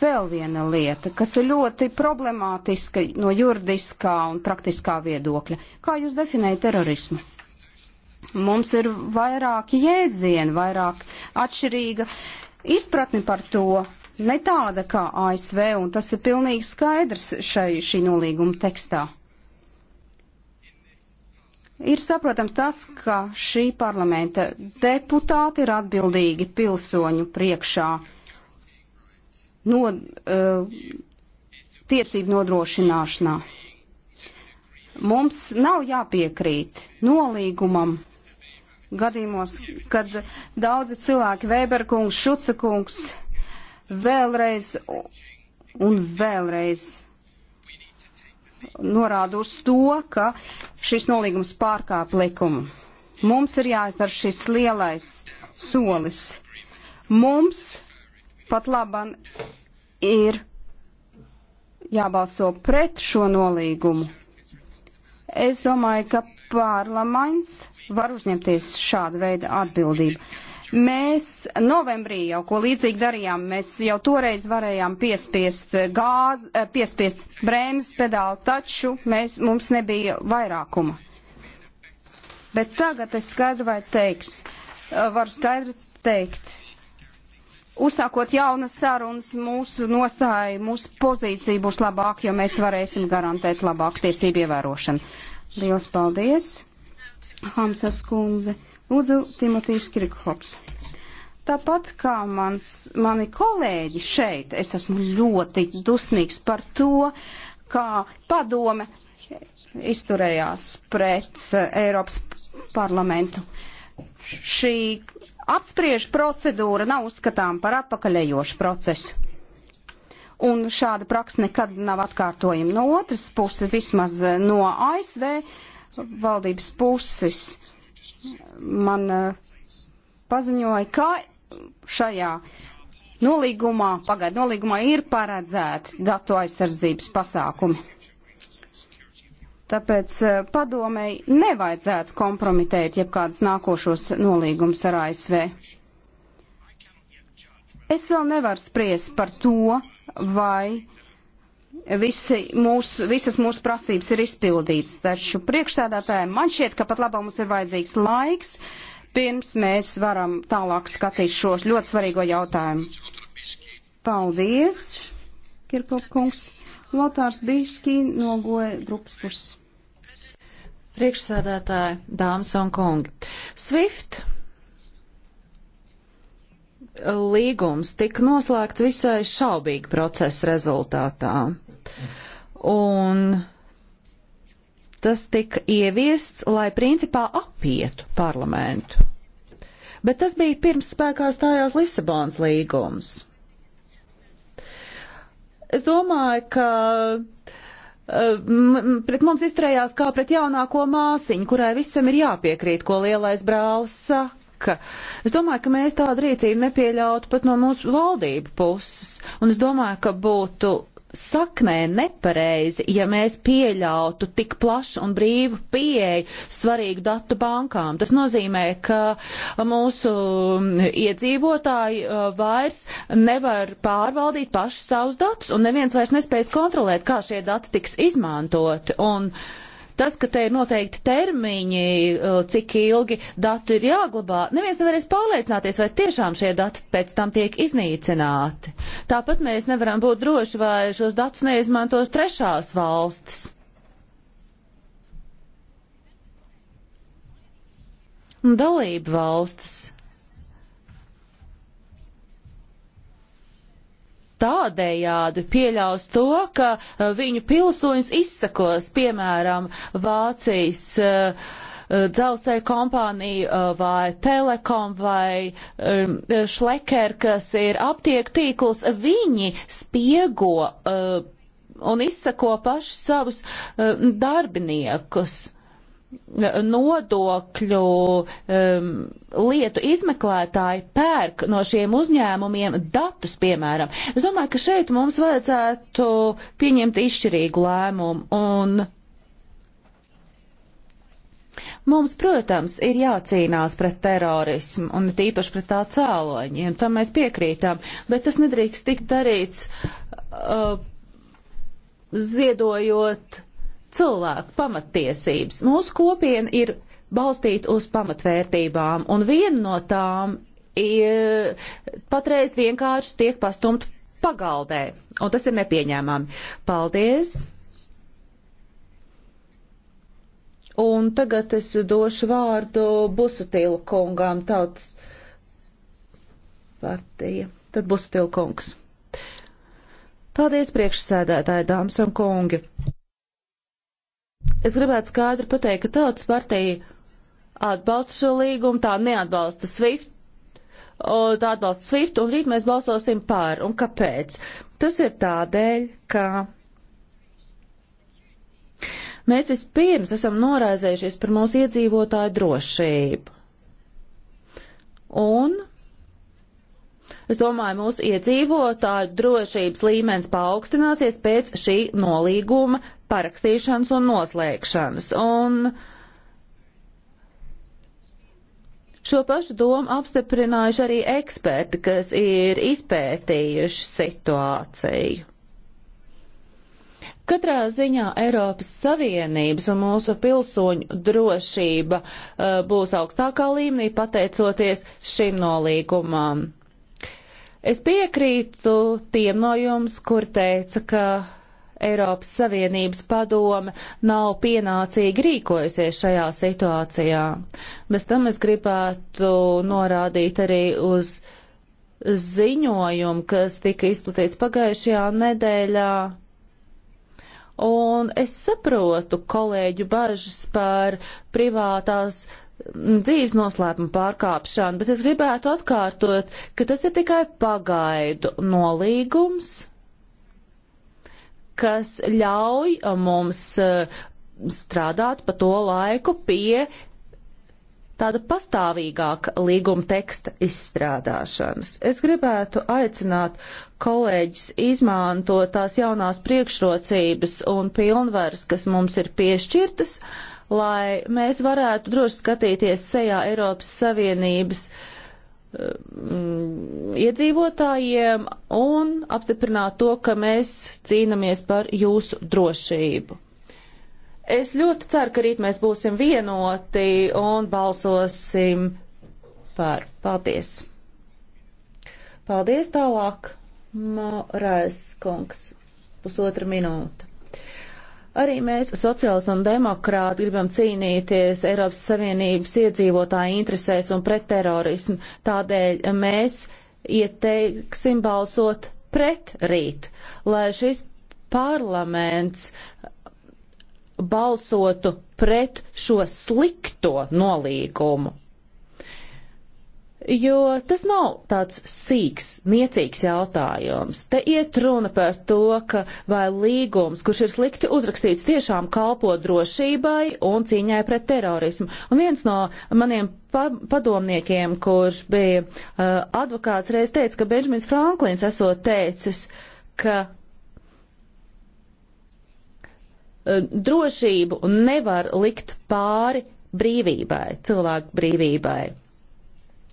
B: Vēl viena lieta, kas ir ļoti problemātiska no juridiskā un praktiskā viedokļa. Kā jūs definējat terorismu? Mums ir vairāki jēdzieni, vairāk atšķirīga izpratni par to, ne tāda kā ASV, un tas ir pilnīgi skaidrs šai, šī nolīguma tekstā. Ir saprotams tas, ka šī parlamenta deputāti ir atbildīgi pilsoņu priekšā no, uh, eh, tiesību nodrošināšanā. Mums nav jāpiekrīt nolīgumam gadījumos, kad daudzi cilvēki, Vēberkungs, Šucakungs, vēlreiz un vēlreiz norāda uz to, ka šis nolīgums pārkāp likumu. Mums ir jāizdara šis lielais solis. Mums pat laban ir jābalso pret šo nolīgumu. Es domāju, ka parlaments var uzņemties šādu veidu atbildību. Mēs novembrī jau ko līdzīgi darījām. Mēs jau toreiz varējām piespiest gāzi, eh, piespiest brēmas pedāli, taču mēs, mums nebija vairākuma. Bet tagad es skaidri vai teiks, eh, varu skaidri teikt, uzsākot jaunas sarunas, mūsu nostāja, mūsu pozīcija būs labāka, jo mēs varēsim garantēt labāku tiesību ievērošanu. Lielas paldies, Hamsas kundze. Lūdzu, Timotīs Kirkhops. Tāpat kā mans, mani kolēģi šeit, es esmu ļoti dusmīgs par to, kā padome izturējās pret eh, Eiropas parlamentu. Šī apspriež procedūra nav uzskatām par atpakaļējošu procesu. Un šāda praksa nekad nav atkārtojama. No otras puses, vismaz eh, no ASV valdības puses, man eh, paziņoja, ka šajā nolīgumā, pagaidu nolīgumā ir paredzēti datu aizsardzības pasākumi. Tāpēc eh, padomēji nevajadzētu kompromitēt jebkādas nākošos nolīgumus ar ASV. Es vēl nevaru spriest par to, vai visi mūsu, visas mūsu prasības ir izpildītas, taču priekšstādātājiem man šķiet, ka pat labāk mums ir vajadzīgs laiks, pirms mēs varam tālāk skatīt šos ļoti svarīgo jautājumu. Paldies, Kirkop kungs. Lotārs Bīski no goja grupas puses.
C: Priekšsēdētāji,
B: dāmas un kungi. Swift
C: līgums tika noslēgts visai šaubīgi procesa rezultātā. Un tas tika ieviests, lai principā apietu parlamentu. Bet tas bija pirms spēkā stājās Lisabonas līgums. Es domāju, ka pret mums izturējās kā pret jaunāko māsiņu, kurai visam ir jāpiekrīt, ko lielais brālis saka. Es domāju, ka mēs tādu rīcību nepieļautu pat no mūsu valdību puses, un es domāju, ka būtu saknē nepareizi, ja mēs pieļautu tik plašu un brīvu pieeju svarīgu datu bankām. Tas nozīmē, ka mūsu mm, iedzīvotāji uh, vairs nevar pārvaldīt paši savus datus, un neviens vairs nespējas kontrolēt, kā šie dati tiks izmantoti. Un, uh, Tas, ka te ir noteikti termiņi, uh, cik ilgi datu ir jāglabā, neviens nevarēs pārliecināties, vai tiešām šie dati pēc tam tiek iznīcināti. Tāpat mēs nevaram būt droši, vai šos datus neizmantos trešās valstis. Dalība valstis tādējādi pieļaus to, ka uh, viņu pilsoņus izsakos, piemēram, Vācijas uh, uh dzelzceļa kompānija uh, vai Telekom vai um, Šleker, kas ir aptieku tīkls, viņi spiego uh, un izsako paši savus uh, darbiniekus nodokļu um, lietu izmeklētāji pērk no šiem uzņēmumiem datus, piemēram. Es domāju, ka šeit mums vajadzētu pieņemt izšķirīgu lēmumu un Mums, protams, ir jācīnās pret terorismu un tīpaši pret tā cēloņiem, tam mēs piekrītām, bet tas nedrīkst tikt darīts uh, ziedojot cilvēku pamatiesības. Mūsu kopiena ir balstīta uz pamatvērtībām, un viena no tām ir, patreiz vienkārši tiek pastumt pagaldē, un tas ir nepieņēmami. Paldies! Un tagad es došu vārdu Busutilu kungām tautas partija. Tad Busutilu kungs. Paldies priekšsēdētāji, dāmas un kungi! Es gribētu skaidri pateikt, ka tautas partija atbalsta šo līgumu, tā neatbalsta SWIFT, tā atbalsta SWIFT, un rīt mēs balsosim pār. Un kāpēc? Tas ir tādēļ, ka mēs vispirms esam noraizējušies par mūsu iedzīvotāju drošību. Un Es domāju, mūsu iedzīvotāju drošības līmenis paaugstināsies pēc šī nolīguma parakstīšanas un noslēgšanas. Un Šo pašu domu apstiprinājuši arī eksperti, kas ir izpētījuši situāciju. Katrā ziņā Eiropas Savienības un mūsu pilsoņu drošība uh, būs augstākā līmenī pateicoties šim nolīgumam. Es piekrītu tiem no jums, kur teica, ka Eiropas Savienības padome nav pienācīgi rīkojusies šajā situācijā. Bez tam es gribētu norādīt arī uz ziņojumu, kas tika izplatīts pagājušajā nedēļā. Un es saprotu kolēģu bažas par privātās dzīves noslēpuma pārkāpšanu, bet es gribētu atkārtot, ka tas ir tikai pagaidu nolīgums, kas ļauj mums eh, strādāt pa to laiku pie tāda pastāvīgāka līguma teksta izstrādāšanas. Es gribētu aicināt kolēģis izmantot tās jaunās priekšrocības un pilnvaras, kas mums ir piešķirtas, uh, lai mēs varētu droši skatīties sejā Eiropas Savienības um, iedzīvotājiem un apstiprināt to, ka mēs cīnamies par jūsu drošību. Es ļoti ceru, ka rīt mēs būsim vienoti un balsosim par. Paldies! Paldies tālāk, Morais kungs. Pusotra minūte. Arī mēs, sociālisti un demokrāti, gribam cīnīties Eiropas Savienības iedzīvotāju interesēs un pret terorismu. Tādēļ mēs ieteiksim balsot pret rīt, lai šis parlaments balsotu pret šo slikto nolīgumu jo tas nav tāds sīks, niecīgs jautājums. Te iet runa par to, ka vai līgums, kurš ir slikti uzrakstīts, tiešām kalpo drošībai un cīņai pret terorismu. Un viens no maniem pa padomniekiem, kurš bija uh, advokāts, reiz teica, ka Benžmins Franklins esot teicis, ka uh, drošību nevar likt pāri brīvībai, cilvēku brīvībai.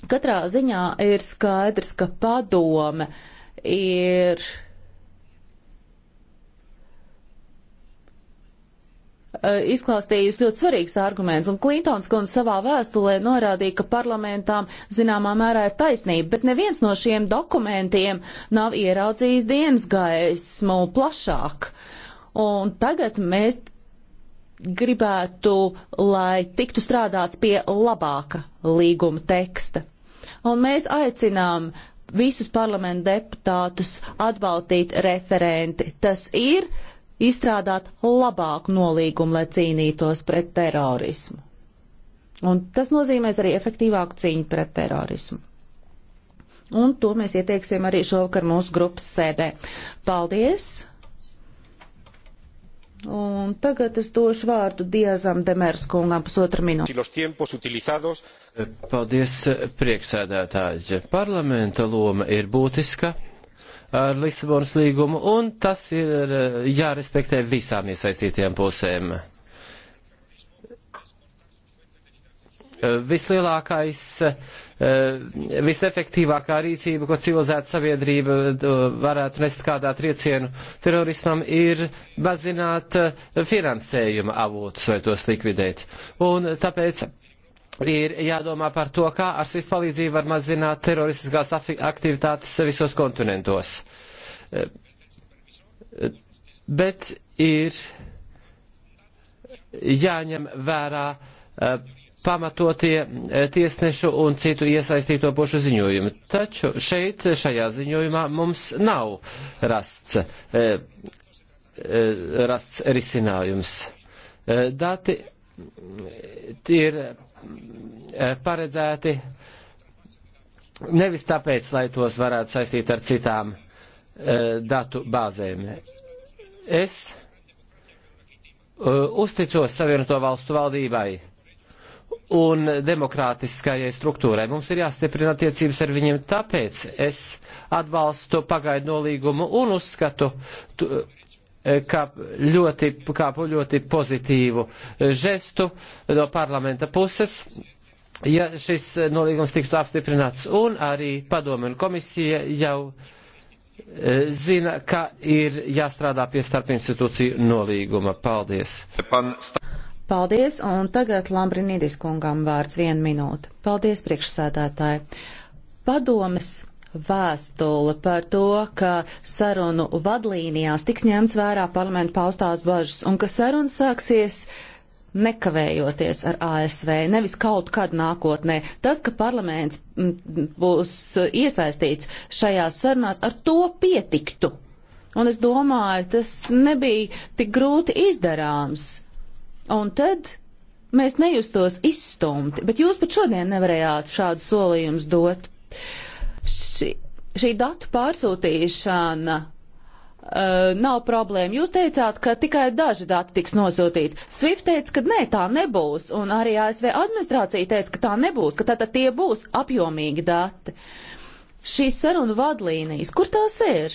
C: Katrā ziņā ir skaidrs, ka padome ir. E, izklāstījis ļoti svarīgs arguments, un Klintons kundze savā vēstulē norādīja, ka parlamentām zināmā mērā ir taisnība, bet neviens no šiem dokumentiem nav ieraudzījis dienas gaismu plašāk. Un tagad mēs gribētu, lai tiktu strādāts pie labāka līguma teksta. Un mēs aicinām visus parlamentu deputātus atbalstīt referenti. Tas ir izstrādāt labāku nolīgumu, lai cīnītos pret terorismu. Un tas nozīmēs arī efektīvāku cīņu pret terorismu. Un to mēs ieteiksim arī šovakar mūsu grupas sēdē. Paldies! Un tagad es došu vārdu Diezam Demers kungam pusotra minūte.
A: Paldies, priekšsēdētāji. Parlamenta loma ir būtiska ar Lisabonas līgumu, un tas ir eh, jārespektē visām iesaistītajām pusēm. Eh, vislielākais uh, Eh, visefektīvākā rīcība, ko civilizēta sabiedrība eh, varētu nest kādā triecienu terorismam, ir bazināt eh, finansējuma avotus vai tos likvidēt. Un tāpēc ir jādomā par to, kā ar SWIFT palīdzību var mazināt teroristiskās aktivitātes visos kontinentos. Bet ir jāņem vērā pamatotie e, tiesnešu un citu iesaistīto pošu ziņojumi. Taču šeit, e, šajā ziņojumā, mums nav rasts, e, rasts risinājums. Dati ir paredzēti nevis tāpēc, lai tos varētu saistīt ar citām datu bāzēm. Es uzticos Savienoto valstu valdībai un demokrātiskajai struktūrai. Mums ir jāstiprina attiecības ar viņiem, tāpēc es atbalstu to pagaidu nolīgumu un uzskatu, tu, kā ļoti, kā ļoti pozitīvu žestu no parlamenta puses, ja šis nolīgums tiktu apstiprināts. Un arī padome un komisija jau e, zina, ka ir jāstrādā pie starpinstitūciju nolīguma. Paldies! Pan...
C: Paldies, un tagad Lambrinīdis kungam vārds vienu minūtu. Paldies, priekšsēdētāji. Padomes vēstule par to, ka sarunu vadlīnijās tiks ņemts vērā parlamentu paustās bažas un ka saruna sāksies nekavējoties ar ASV, nevis kaut kad nākotnē. Tas, ka parlaments būs iesaistīts šajās sarunās, ar to pietiktu. Un es domāju, tas nebija tik grūti izdarāms Un tad mēs nejustos izstumti, bet jūs pat šodien nevarējāt šādu solījumus dot. Ši, šī datu pārsūtīšana uh, nav problēma. Jūs teicāt, ka tikai daži dati tiks nosūtīti. Swift teica, ka nē, tā nebūs, un arī ASV administrācija teica, ka tā nebūs, ka tātad tie būs apjomīgi dati. Šīs sarunu vadlīnijas, kur tās ir?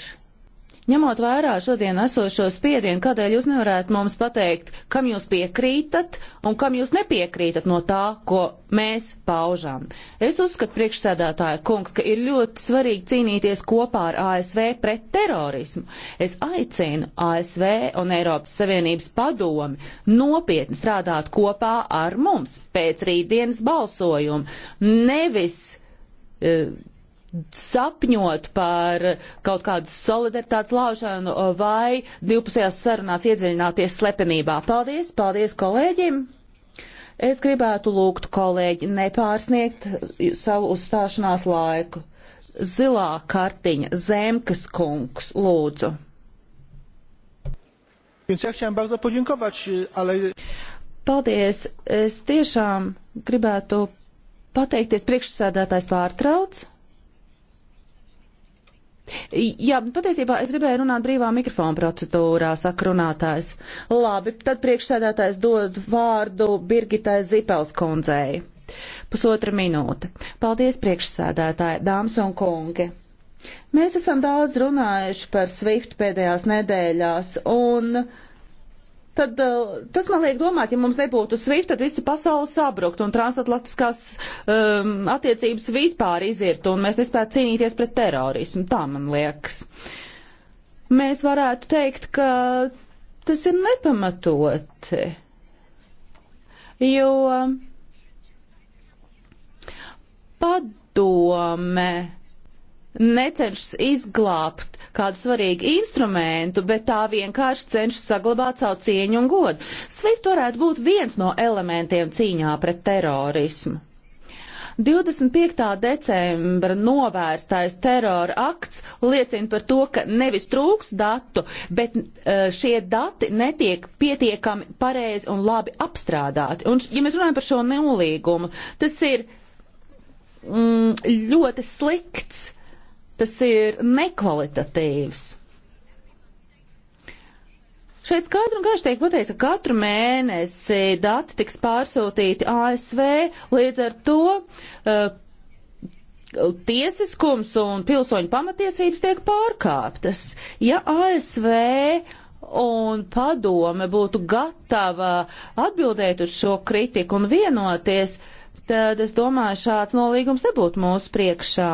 C: Ņemot vērā šodien esošo spiedienu, kādēļ jūs nevarētu mums pateikt, kam jūs piekrītat un kam jūs nepiekrītat no tā, ko mēs paužām? Es uzskatu, priekšsēdētāja kungs, ka ir ļoti svarīgi cīnīties kopā ar ASV pret terorismu. Es aicinu ASV un Eiropas Savienības padomi nopietni strādāt kopā ar mums pēc rītdienas balsojuma. Nevis uh, sapņot par kaut kādu solidaritātes laušanu vai divpusējās sarunās iedziļināties slepenībā. Paldies, paldies kolēģim! Es gribētu lūgt kolēģi nepārsniegt savu uzstāšanās laiku. Zilā kartiņa, Zemkas kungs, lūdzu. Paldies, es tiešām gribētu pateikties priekšsēdētājs pārtrauc. Jā, patiesībā es gribēju runāt brīvā mikrofona procedūrā, saka runātājs. Labi, tad priekšsēdētājs dod vārdu Birgitai Zipels kundzei. Pusotra minūte. Paldies priekšsēdētāji, dāmas un kungi. Mēs esam daudz runājuši par Swift pēdējās nedēļās un tad uh, tas man liek domāt, ja mums nebūtu SWIFT, tad visa pasaule sabrukt un transatlantiskās um, attiecības vispār izirt un mēs nespētu cīnīties pret terorismu. Tā man liekas. Mēs varētu teikt, ka tas ir nepamatoti, jo padome necenšas izglābt kādu svarīgu instrumentu, bet tā vienkārši cenšas saglabāt savu cieņu un godu. Swift varētu būt viens no elementiem cīņā pret terorismu. 25. decembra novērstais terora akts liecina par to, ka nevis trūks datu, bet e, šie dati netiek pietiekami pareizi un labi apstrādāti. Un, ja mēs runājam par šo nolīgumu, tas ir mm, ļoti slikts tas ir nekvalitatīvs. Šeit skaidri un gaiši tiek pateikts, ka katru mēnesi dati tiks pārsūtīti ASV, līdz ar to uh, tiesiskums un pilsoņu pamatiesības tiek pārkāptas. Ja ASV un padome būtu gatava atbildēt uz šo kritiku un vienoties, tad es domāju, šāds nolīgums nebūtu mūsu priekšā.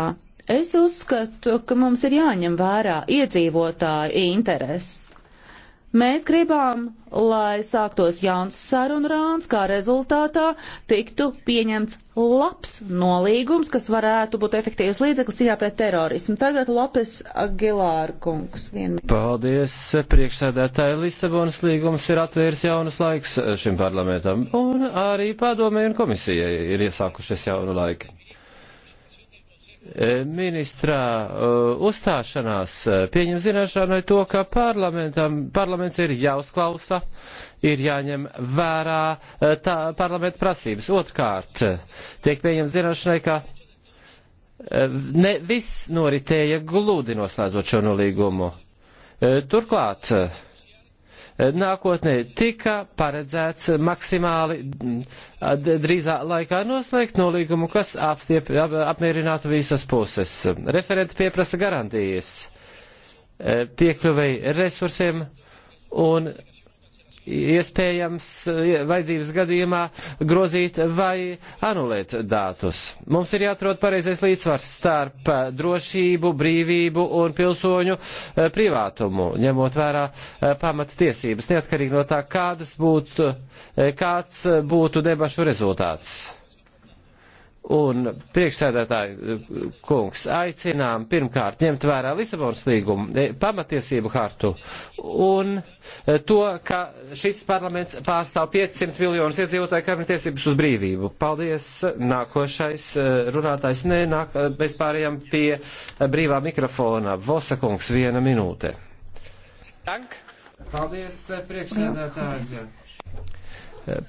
C: Es uzskatu, ka mums ir jāņem vērā iedzīvotāju intereses. Mēs gribam, lai sāktos jauns sarunu rāns, kā rezultātā tiktu pieņemts labs nolīgums, kas varētu būt efektīvs līdzeklis cīņā pret terorismu. Tagad Lopes Agilāra kungs. Vienmēr.
A: Paldies, priekšsēdētāji. Lisabonas līgums ir atvēris jaunas laiks šim parlamentam, un arī padomē un komisijai ir iesākušies jaunu laiku ministrā uh, uzstāšanās pieņem zināšanai to, ka parlaments ir jāuzklausa, ir jāņem vērā uh, tā, parlamenta prasības. Otrkārt, tiek pieņem zināšanai, ka uh, ne viss noritēja glūdi noslēdzot šo nolīgumu. Turklāt, nākotnē tika paredzēts maksimāli mm, drīzā laikā noslēgt nolīgumu, kas aptiep, ap, apmierinātu visas puses. Referenti pieprasa garantijas e, piekļuvei resursiem un iespējams vajadzības gadījumā grozīt vai anulēt datus. Mums ir jāatrod pareizais līdzsvars starp eh, drošību, brīvību un pilsoņu eh, privātumu, ņemot vērā eh, pamatstiesības, neatkarīgi no tā, kādas būtu, kāds būtu debašu rezultāts Un priekšsēdētāji kungs aicinām pirmkārt ņemt vērā Lisabonas līgumu, e, pamatiesību hartu un e, to, ka šis parlaments pārstāv 500 miljonus iedzīvotāju, kam ir tiesības uz brīvību. Paldies. Nākošais e, runātājs. Nē, nāk, mēs pārējām pie brīvā mikrofona. Vosa kungs, viena minūte. Dank. Paldies, priekšsēdētāji.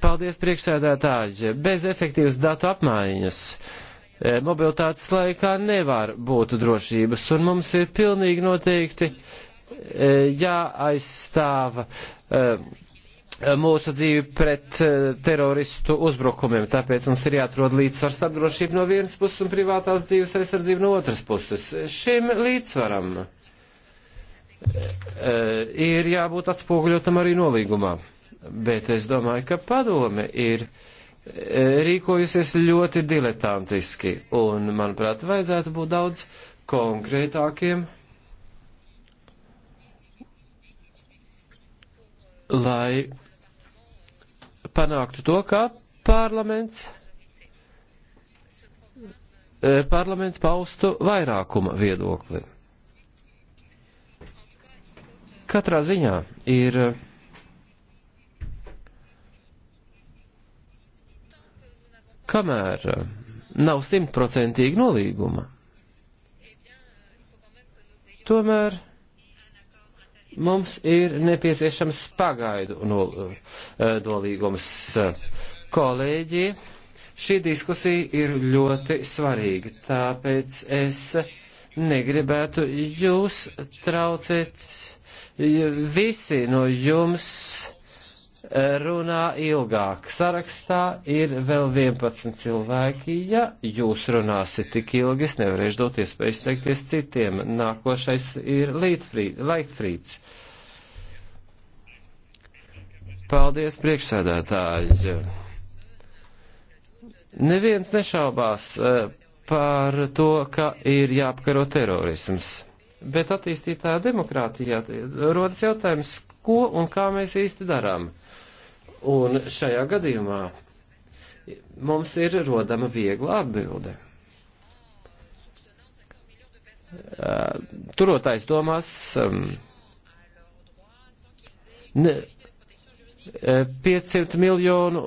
A: Paldies, priekšsēdētāji. Bez efektīvas datu apmaiņas eh, mobilitātes laikā nevar būt drošības, un mums ir pilnīgi noteikti eh, jāaizstāva eh, mūsu dzīvi pret teroristu uzbrukumiem. Tāpēc mums ir jāatrod līdzsvars starp drošību no vienas puses un privātās dzīves aizsardzību no otras puses. Šim līdzsvaram ir jābūt atspoguļotam arī nolīgumā bet es domāju, ka padome ir e, rīkojusies ļoti diletantiski, un, manuprāt, vajadzētu būt daudz konkrētākiem, lai panāktu to, ka parlaments, e, parlaments paustu vairākuma viedokli. Katrā ziņā ir uh, kamēr eh, nav simtprocentīgi nolīguma, tomēr mums ir nepieciešams pagaidu nol, eh, nolīgums. Kolēģi, šī diskusija ir ļoti svarīga, tāpēc es negribētu jūs traucēt. Visi no jums runā ilgāk. Sarakstā ir vēl 11 cilvēki. Ja jūs runāsiet tik ilgi, es nevarēšu dot iespēju izteikties citiem. Nākošais ir Leitfrīds. Paldies, priekšsēdētāji. Neviens nešaubās eh, par to, ka ir jāapkaro terorisms. Bet attīstītā demokrātijā rodas jautājums, ko un kā mēs īsti darām Un šajā gadījumā mums ir rodama viegla atbilde. Turotājs domās, um, ne, 500 miljonu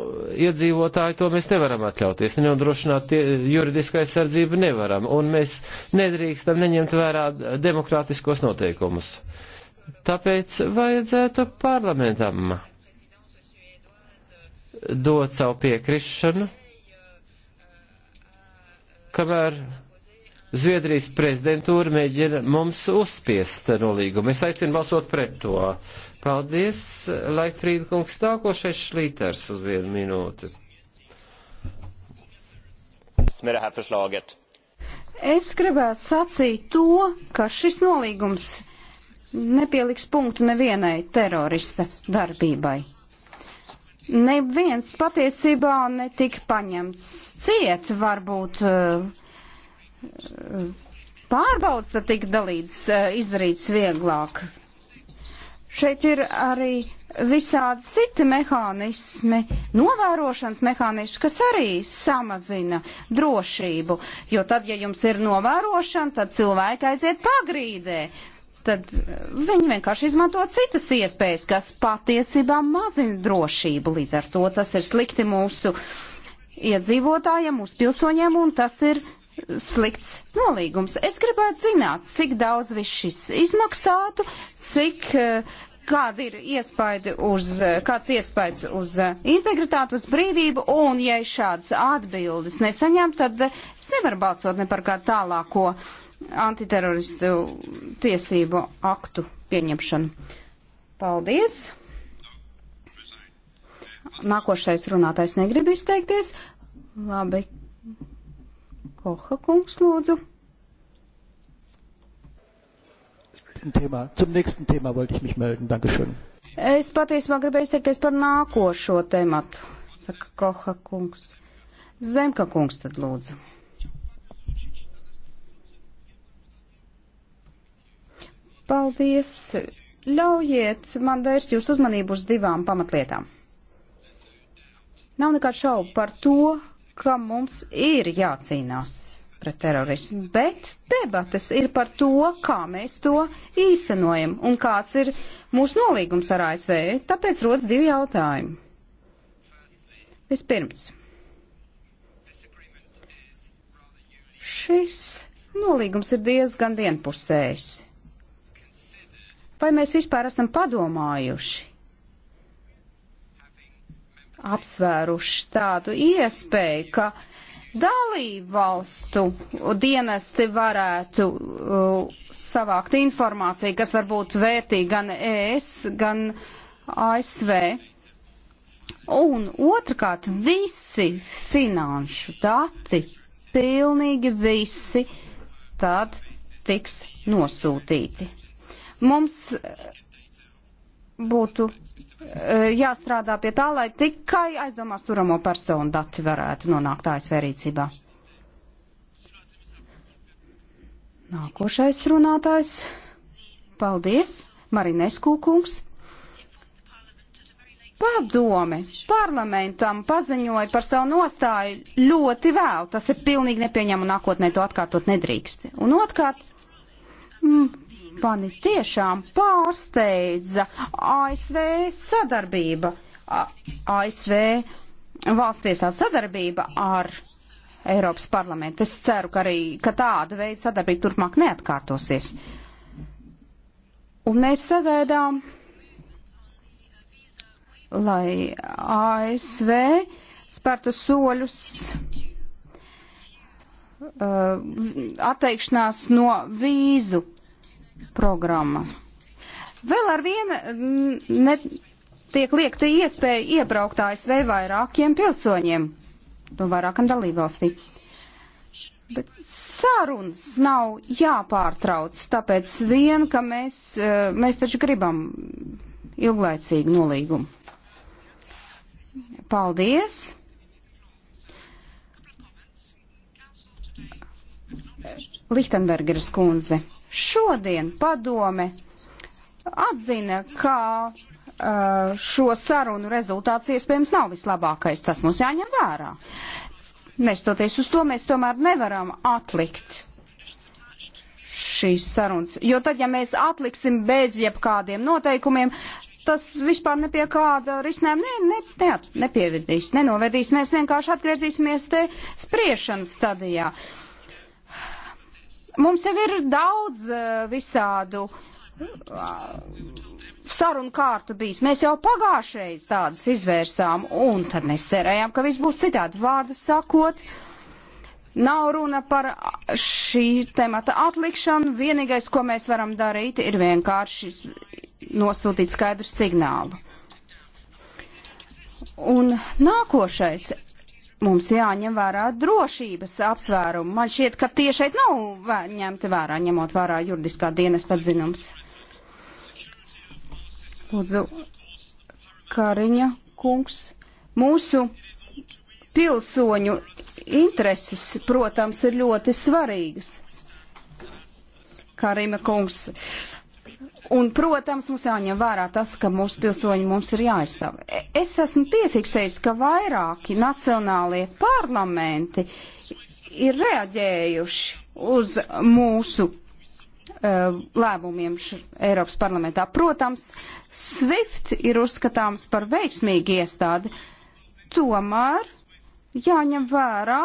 A: iedzīvotāju to mēs nevaram atļauties, nenodrošināt juridiskai sardzību nevaram, un mēs nedrīkstam neņemt vērā demokrātiskos noteikumus. Tāpēc vajadzētu parlamentam dod savu piekrišanu, kamēr Zviedrijas prezidentūra mēģina mums uzspiest nolīgumu. Es aicinu balsot pret to. Paldies, Laitfrīda kungs. Nākošais šlīters uz vienu minūti.
B: Es gribētu sacīt to, ka šis nolīgums nepieliks punktu nevienai terorista darbībai neviens patiesībā netika paņemts ciet, varbūt eh, pārbaudas tad tika dalīts, eh, izdarīts vieglāk. Šeit ir arī visādi citi mehānismi, novērošanas mehānismi, kas arī samazina drošību. Jo tad, ja jums ir novērošana, tad cilvēki aiziet pagrīdē tad eh, viņi vienkārši izmanto citas iespējas, kas patiesībā mazina drošību. Līdz ar to tas ir slikti mūsu iedzīvotājiem, mūsu pilsoņiem, un tas ir slikts nolīgums. Es gribētu zināt, cik daudz viss šis izmaksātu, cik. Eh, kāda ir iespēja uz, eh, kāds iespējas uz integritāti, uz brīvību, un ja es šādas atbildes nesaņem, tad es nevaru balsot ne par kādu tālāko uh, antiteroristu tiesību aktu pieņemšanu. Paldies! Nākošais runātais negrib izteikties. Labi. Koha kungs, lūdzu.
A: Thema. Zum nächsten Thema wollte ich mich melden. Dankeschön.
B: Es patiesībā gribēju izteikties par nākošo tematu, saka Koha kungs. Zemka kungs tad lūdzu. Paldies! Ļaujiet man vērst jūsu uzmanību uz divām pamatlietām. Nav nekādu šaubu par to, ka mums ir jācīnās pret terorismu, bet debates ir par to, kā mēs to īstenojam un kāds ir mūsu nolīgums ar ASV. Tāpēc rodas divi jautājumi. Vispirms. Šis nolīgums ir diezgan vienpusējs. Vai mēs vispār esam padomājuši, apsvēruši tādu iespēju, ka dalībvalstu dienesti varētu uh, savākt informāciju, kas var būt vērtīga gan ES, gan ASV. Un otrkārt, visi finanšu dati, pilnīgi visi, tad tiks nosūtīti. Mums eh, būtu eh, jāstrādā pie tā, lai tikai aizdomās turamo personu dati varētu nonākt ASV rīcībā. Nākošais runātājs. Paldies, Marinesku kungs. Padome parlamentam paziņoja par savu nostāju ļoti vēl. Tas ir pilnīgi nepieņemu nākotnē, to atkārtot nedrīkst. Un otkārt, mm, Mani tiešām pārsteidza ASV sadarbība, ASV valstiesā sadarbība ar Eiropas parlamentu. Es ceru, ka arī ka tāda veida sadarbība turpmāk neatkārtosies. Un mēs sagaidām, lai ASV spērtu soļus uh, atteikšanās no vīzu programma. Vēl ar vienu mm, ne, tiek liekta iespēja iebraukt ASV vairākiem pilsoņiem no nu, vairākam dalībvalstī. Bet sarunas nav jāpārtrauc, tāpēc vien, ka mēs, e, mēs taču gribam ilglaicīgu nolīgumu. Paldies! Lichtenbergeras kundze. Šodien padome atzina, ka uh, šo sarunu rezultāts iespējams nav vislabākais. Tas mums jāņem vērā. Nestoties uz to, mēs tomēr nevaram atlikt šīs sarunas. Jo tad, ja mēs atliksim bez jebkādiem noteikumiem, tas vispār ne pie kāda risinājuma ne, ne, ne, nepievedīs, nenovedīs. Mēs vienkārši atgriezīsimies te spriešanas stadijā. Uh, Mums jau ir daudz eh, visādu eh, sarunu kārtu bijis. Mēs jau pagājušreiz tādas izvērsām, un tad mēs cerējām, ka viss būs citādi. Vārdu sakot, nav runa par šī temata atlikšanu. Vienīgais, ko mēs varam darīt, ir vienkārši nosūtīt skaidru signālu. Un nākošais mums jāņem vērā drošības apsvērumi. Man šķiet, ka tie šeit nav vē, ņemti vērā, ņemot vērā juridiskā dienesta atzinums. Lūdzu, Kariņa kungs, mūsu pilsoņu intereses, protams, ir ļoti svarīgas. Karima kungs, Un, protams, mums jāņem vērā tas, ka mūsu pilsoņi mums ir jāaizstāv. E, es esmu piefiksējis, ka vairāki nacionālie parlamenti ir reaģējuši uz mūsu uh, lēmumiem Eiropas parlamentā. Protams, SWIFT ir uzskatāms par veiksmīgu iestādi, tomēr jāņem vērā,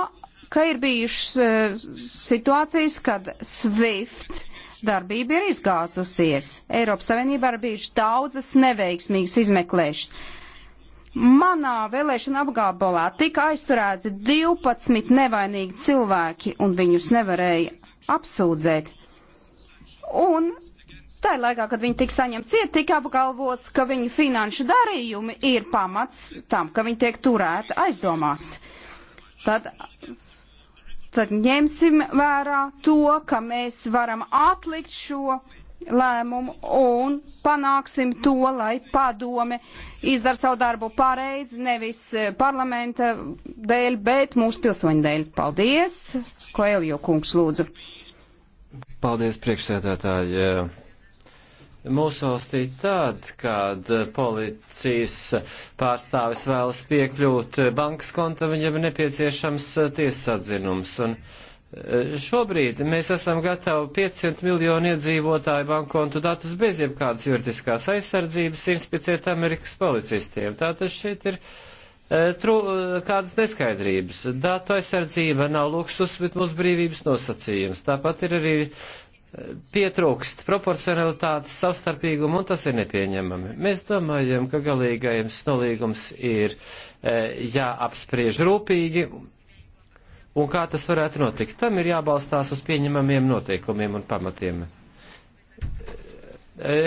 B: ka ir bijušas uh, situācijas, kad SWIFT darbība ir izgāzusies. Eiropas Savienībā ir bijušas daudzas neveiksmīgas izmeklēšanas. Manā vēlēšana apgābalā tika aizturēti 12 nevainīgi cilvēki, un viņus nevarēja apsūdzēt. Un Tā ir laikā, kad viņi tika saņemti ciet, tika apgalvots, ka viņu finanšu darījumi ir pamats tam, ka viņi tiek turēti aizdomās. Tad Tad ņemsim vērā to, ka mēs varam atlikt šo lēmumu un panāksim to, lai padome izdara savu darbu pareizi, nevis eh, parlamenta dēļ, bet mūsu pilsoņu dēļ. Paldies, Koeljo kungs lūdzu.
A: Paldies, priekšsēdētāji mūsu valstī tad, kad policijas pārstāvis vēlas piekļūt bankas konta, viņam ir nepieciešams tiesas atzinums. Un eh, šobrīd mēs esam gatavi 500 miljonu iedzīvotāju bankkontu datus bez jebkādas juridiskās aizsardzības inspicēt Amerikas policistiem. Tātad šeit ir eh, trū, eh, kādas neskaidrības. Datu aizsardzība nav luksus, bet mūsu brīvības nosacījums. Tāpat ir arī pietrūkst proporcionalitātes, savstarpīguma, un tas ir nepieņemami. Mēs domājam, ka galīgajams nolīgums ir e, jāapspriež rūpīgi, un kā tas varētu notikt. Tam ir jābalstās uz pieņemamiem noteikumiem un pamatiem. E,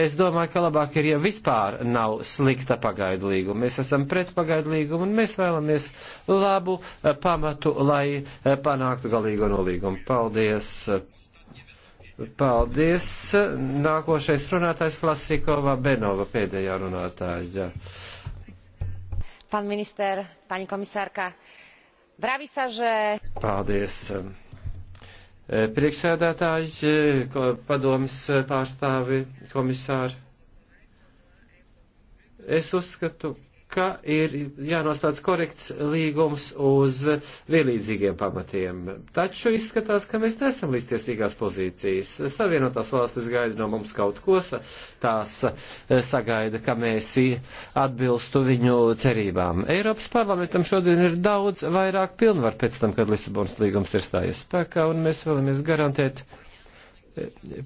A: es domāju, ka labāk ir, ja vispār nav slikta pagaidu līguma. Mēs esam pret pagaidu līgumu un mēs vēlamies labu e, pamatu, lai panāktu galīgo nolīgumu. Paldies! Paldies. Nākošais runātājs Flasikova Benova, pēdējā runātāja.
B: Pan minister, pani komisārka, vravi sa, že...
A: Paldies. E, priekšsēdētāji, e, padomas e, pārstāvi, komisāri. Es uzskatu, ka ir jānostāds korekts līgums uz vienlīdzīgiem pamatiem. Taču izskatās, ka mēs nesam līdztiesīgās pozīcijas. Savienotās valstis gaida no mums kaut ko, tās eh, sagaida, ka mēs atbilstu viņu cerībām. Eiropas parlamentam šodien ir daudz vairāk pilnvar pēc tam, kad Lisabonas līgums ir stājies spēkā, un mēs vēlamies garantēt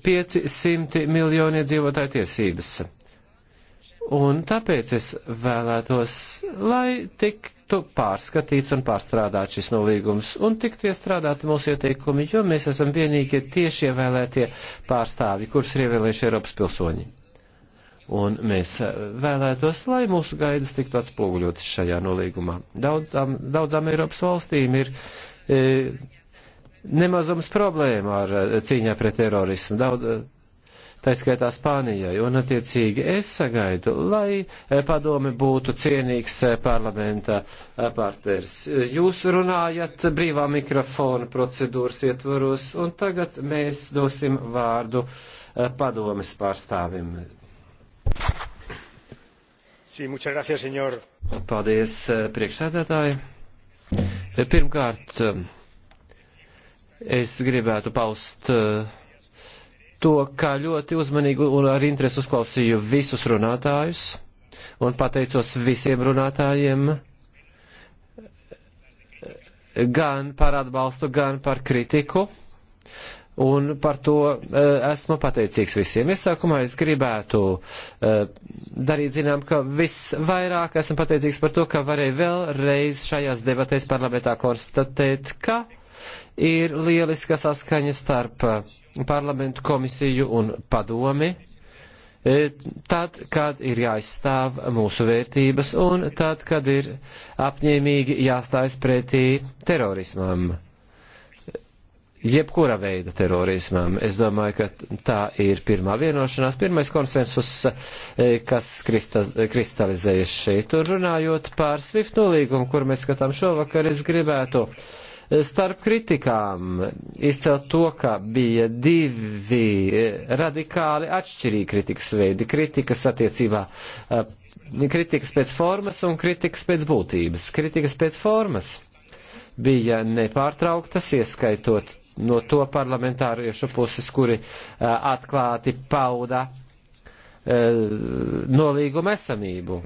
A: 500 eh, miljonu iedzīvotāju tiesības Un tāpēc es vēlētos, lai tiktu pārskatīts un pārstrādāt šis nolīgums un tiktu iestrādāti mūsu ieteikumi, jo mēs esam vienīgie tieši ievēlētie pārstāvi, kurus ir ievēlējuši Eiropas pilsoņi. Un mēs vēlētos, lai mūsu gaidas tiktu atspoguļotas šajā nolīgumā. Daudzām, daudzām Eiropas valstīm ir. E, nemazums problēma ar e, cīņā pret terorismu. Daudz, tā skaitā Spānijai, un attiecīgi es sagaidu, lai eh, padome būtu cienīgs eh, parlamenta eh, partners. Jūs runājat brīvā mikrofona procedūras ietvaros, un tagad mēs dosim vārdu padomes pārstāvim.
C: Sí, gracias, señor.
A: Paldies, priekšsēdētāji. Pirmkārt, es gribētu paust uh, to, kā ļoti uzmanīgi un ar interesi uzklausīju visus runātājus un pateicos visiem runātājiem gan par atbalstu, gan par kritiku. Un par to uh, esmu pateicīgs visiem. Iesākumā es gribētu uh, darīt zinām, ka visvairāk esmu pateicīgs par to, ka varēju vēlreiz šajās debatēs parlamentā konstatēt, ka uh, ir lieliska saskaņa starp eh, parlamentu komisiju un padomi, eh, tad, kad ir jāizstāv mūsu vērtības un tad, kad ir apņēmīgi jāstājas pretī terorismam. Jebkura veida terorismam. Es domāju, ka tā ir pirmā vienošanās, pirmais konsensus, eh, kas kristalizējas šeit. Un runājot par SWIFT nolīgumu, kur mēs skatām šovakar, es gribētu uh, Starp kritikām izcelt to, ka bija divi e, radikāli atšķirīgi kritikas veidi - kritikas attiecībā, e, kritikas pēc formas un kritikas pēc būtības. Kritikas pēc formas bija nepārtrauktas, ieskaitot no to parlamentāriešu puses, kuri e, atklāti pauda nolīguma esamību.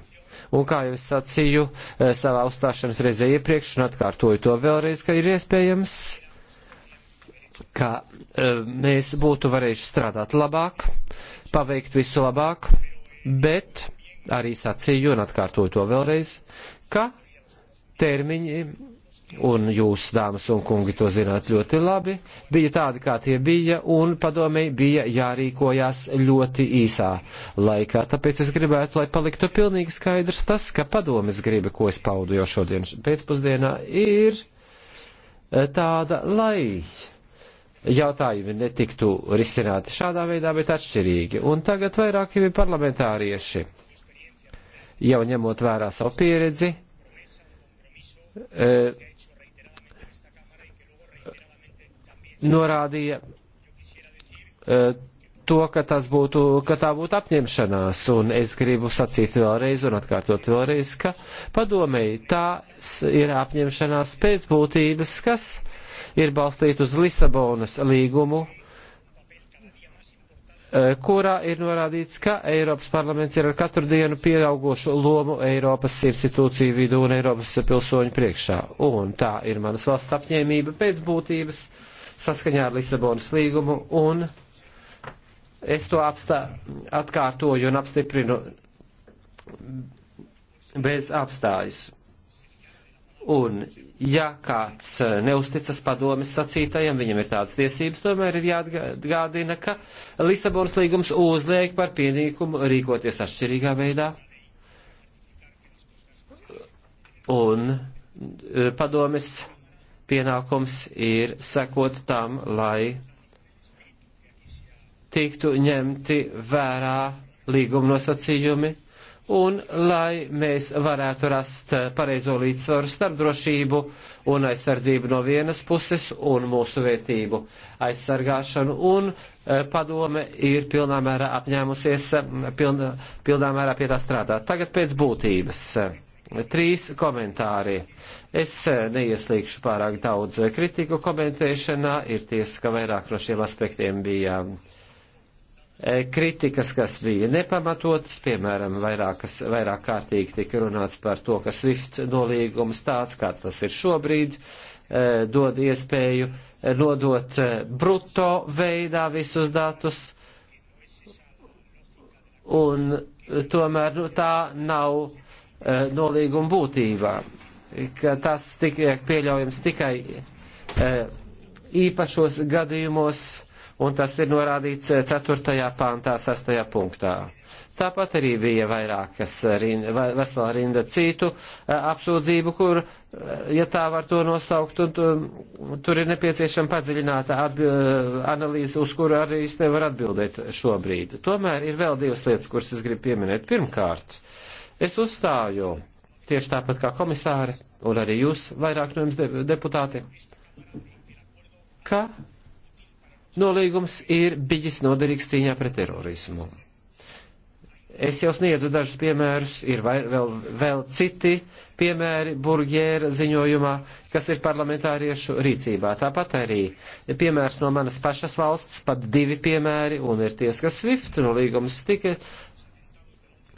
A: Un kā jau es sacīju eh, savā uzstāšanas reizē iepriekš, un atkārtoju to vēlreiz, ka ir iespējams, ka eh, mēs būtu varējuši strādāt labāk, paveikt visu labāk, bet arī sacīju un atkārtoju to vēlreiz, ka termiņi un jūs, dāmas un kungi, to zināt ļoti labi, bija tādi, kā tie bija, un padomēji bija jārīkojās ļoti īsā laikā. Tāpēc es gribētu, lai paliktu pilnīgi skaidrs tas, ka padomes griba, ko es paudu jau šodien pēcpusdienā, ir eh, tāda, lai jautājumi netiktu risināti šādā veidā, bet atšķirīgi. Un tagad vairāki parlamentārieši, jau ņemot vērā savu pieredzi, e, norādīja e, to, ka, būtu, ka tā būtu apņemšanās, un es gribu sacīt vēlreiz un atkārtot vēlreiz, ka padomēji tā ir apņemšanās pēc būtības, kas ir balstīta uz Lisabonas līgumu, e, kurā ir norādīts, ka Eiropas parlaments ir ar katru dienu pieaugošu lomu Eiropas institūciju vidū un Eiropas pilsoņu priekšā. Un tā ir manas valsts apņēmība pēc būtības. Uh, saskaņā ar Lisabonas līgumu, un es to apstā, atkārtoju un apstiprinu bez apstājas. Un, ja kāds neusticas padomis sacītajam, viņam ir tādas tiesības, tomēr ir jāatgādina, ka Lisabonas līgums uzliek par pienīkumu rīkoties atšķirīgā veidā. Un eh, padomis pienākums ir sekot tam, lai tiktu ņemti vērā līguma nosacījumi un lai mēs varētu rast pareizo līdzsvaru starp drošību un aizsardzību no vienas puses un mūsu vērtību aizsargāšanu. Un e, padome ir pilnā mērā apņēmusies e, pilnā, pilnā mērā pie tā strādāt. Tagad pēc būtības. Trīs komentāri. Es eh, neieslīgšu pārāk daudz eh, kritiku komentēšanā, ir tiesa, ka vairāk no šiem aspektiem bija eh, kritikas, kas bija nepamatotas, piemēram, vairākas, vairāk kārtīgi tika runāts par to, ka SWIFT nolīgums tāds, kāds tas ir šobrīd, dod iespēju nodot bruto veidā visus datus, un tomēr nu, tā nav nolīguma būtībā ka tas tiek pieļaujams tikai e, īpašos gadījumos, un tas ir norādīts 4. E, pāntā, 6. punktā. Tāpat arī bija vairākas, rinda, vesela rinda citu e, apsūdzību, kur, ja tā var to nosaukt, un, un tur ir nepieciešama padziļināta atbi, analīze, uz kuru arī es nevaru atbildēt šobrīd. Tomēr ir vēl divas lietas, kuras es gribu pieminēt. Pirmkārt, es uzstāju tieši tāpat kā komisāri un arī jūs, vairāk no jums de deputāti, ka nolīgums ir bijis noderīgs cīņā pret terorismu. Es jau sniedzu dažus piemērus, ir vai, vēl, vēl citi piemēri Burgēra ziņojumā, kas ir parlamentāriešu rīcībā. Tāpat arī piemērs no manas pašas valsts, pat divi piemēri, un ir tiesa, ka Swift no līgums tika